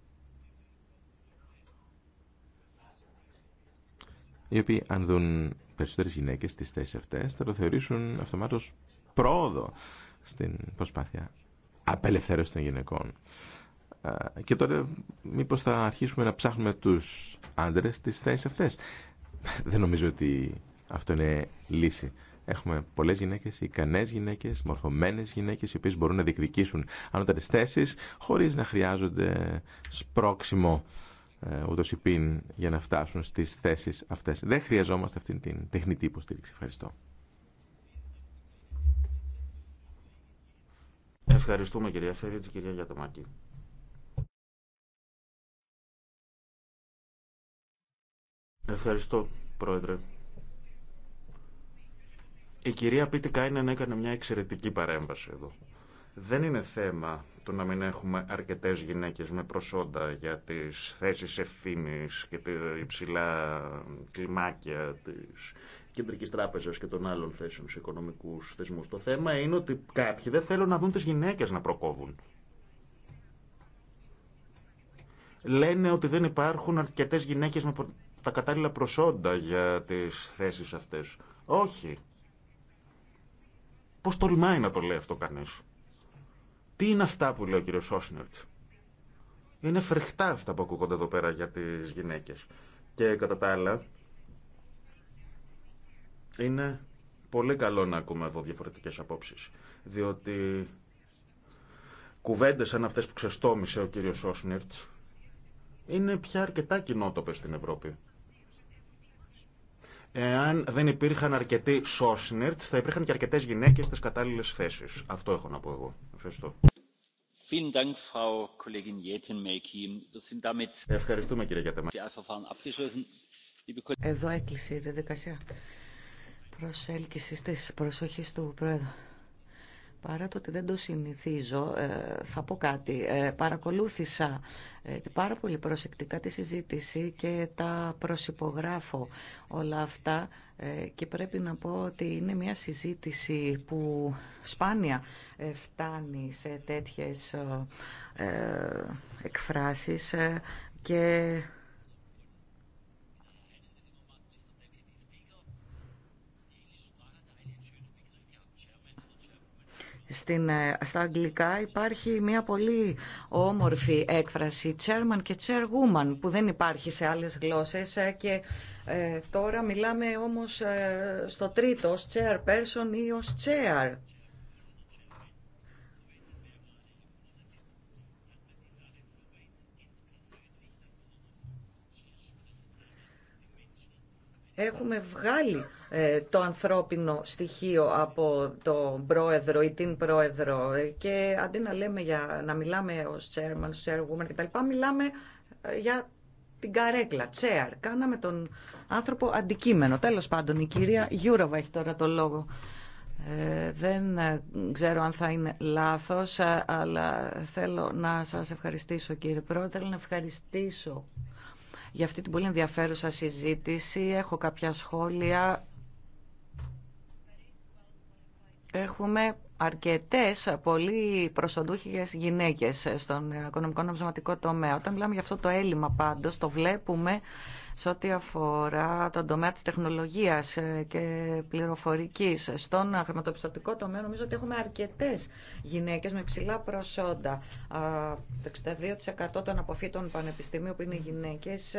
οι οποίοι αν δουν περισσότερες γυναίκες στις θέσεις αυτές, θα το θεωρήσουν αυτομάτως πρόοδο στην προσπάθεια απελευθέρωση των γυναικών. Ε, και τώρα μήπως θα αρχίσουμε να ψάχνουμε τους άντρες τις θέσεις αυτές. Δεν νομίζω ότι αυτό είναι λύση. Έχουμε πολλές γυναίκες, ικανές γυναίκες, μορφωμένες γυναίκες, οι οποίες μπορούν να διεκδικήσουν ανώτερες θέσεις χωρίς να χρειάζονται σπρόξιμο ε, ούτως πίν για να φτάσουν στις θέσεις αυτές. Δεν χρειαζόμαστε αυτή την τεχνητή υποστήριξη. Ευχαριστώ. Ευχαριστούμε κυρία Φέριτς, κυρία Γιατομάκη. Ευχαριστώ, Πρόεδρε. Η κυρία Πίτη Κάινεν έκανε μια εξαιρετική παρέμβαση εδώ. Δεν είναι θέμα το να μην έχουμε αρκετές γυναίκες με προσόντα για τις θέσεις ευθύνη και τα υψηλά κλιμάκια της Κεντρική Τράπεζα και των άλλων θέσεων σε οικονομικού θεσμού. Το θέμα είναι ότι κάποιοι δεν θέλουν να δουν τι γυναίκε να προκόβουν. Λένε ότι δεν υπάρχουν αρκετέ γυναίκε με τα κατάλληλα προσόντα για τι θέσει αυτέ. Όχι. Πώ τολμάει να το λέει αυτό κανεί. Τι είναι αυτά που λέει ο κύριο Σόσνερτ. Είναι φρεχτά αυτά που ακούγονται εδώ πέρα για τι γυναίκε. Και κατά τα άλλα, είναι πολύ καλό να ακούμε εδώ διαφορετικές απόψεις, διότι κουβέντες σαν αυτές που ξεστόμησε ο κύριος Όσνιρτς είναι πια αρκετά κοινότοπες στην Ευρώπη. Εάν δεν υπήρχαν αρκετοί Σόσνιρτ, θα υπήρχαν και αρκετέ γυναίκε στι κατάλληλε θέσει. Αυτό έχω να πω εγώ. Ευχαριστώ. Ευχαριστούμε κύριε Γιατεμάκη. Εδώ έκλεισε η διαδικασία προσέλκυση της προσοχής του Πρόεδρου. Παρά το ότι δεν το συνηθίζω, ε, θα πω κάτι. Ε, παρακολούθησα ε, πάρα πολύ προσεκτικά τη συζήτηση και τα προσυπογράφω όλα αυτά και πρέπει να πω ότι είναι μια συζήτηση που σπάνια φτάνει σε τέτοιες εκφράσεις και Στην, ε, στα αγγλικά υπάρχει μια πολύ όμορφη έκφραση chairman και chairwoman που δεν υπάρχει σε άλλες γλώσσες ε, και ε, τώρα μιλάμε όμως στο τρίτο ως chairperson ή ως chair. Έχουμε βγάλει ε, το ανθρώπινο στοιχείο από τον πρόεδρο ή την πρόεδρο ε, και αντί να, λέμε για, να μιλάμε ως chairman, chairwoman κτλ. μιλάμε ε, για την καρέκλα, chair. Κάναμε τον άνθρωπο αντικείμενο. Τέλος πάντων, η κυρία Γιούροβα έχει τώρα το λόγο. δεν ξέρω αν θα είναι λάθος, αλλά θέλω να σας ευχαριστήσω κύριε Πρόεδρε, να ευχαριστήσω για αυτή την πολύ ενδιαφέρουσα συζήτηση. Έχω κάποια σχόλια Έχουμε αρκετές πολύ προσοντούχες γυναίκες στον οικονομικό νομισματικό τομέα. Όταν μιλάμε για αυτό το έλλειμμα πάντως, το βλέπουμε σε ό,τι αφορά τον τομέα της τεχνολογίας και πληροφορικής. Στον χρηματοπιστωτικό τομέα νομίζω ότι έχουμε αρκετές γυναίκες με ψηλά προσόντα. Το 62% των αποφύτων πανεπιστημίου που είναι γυναίκες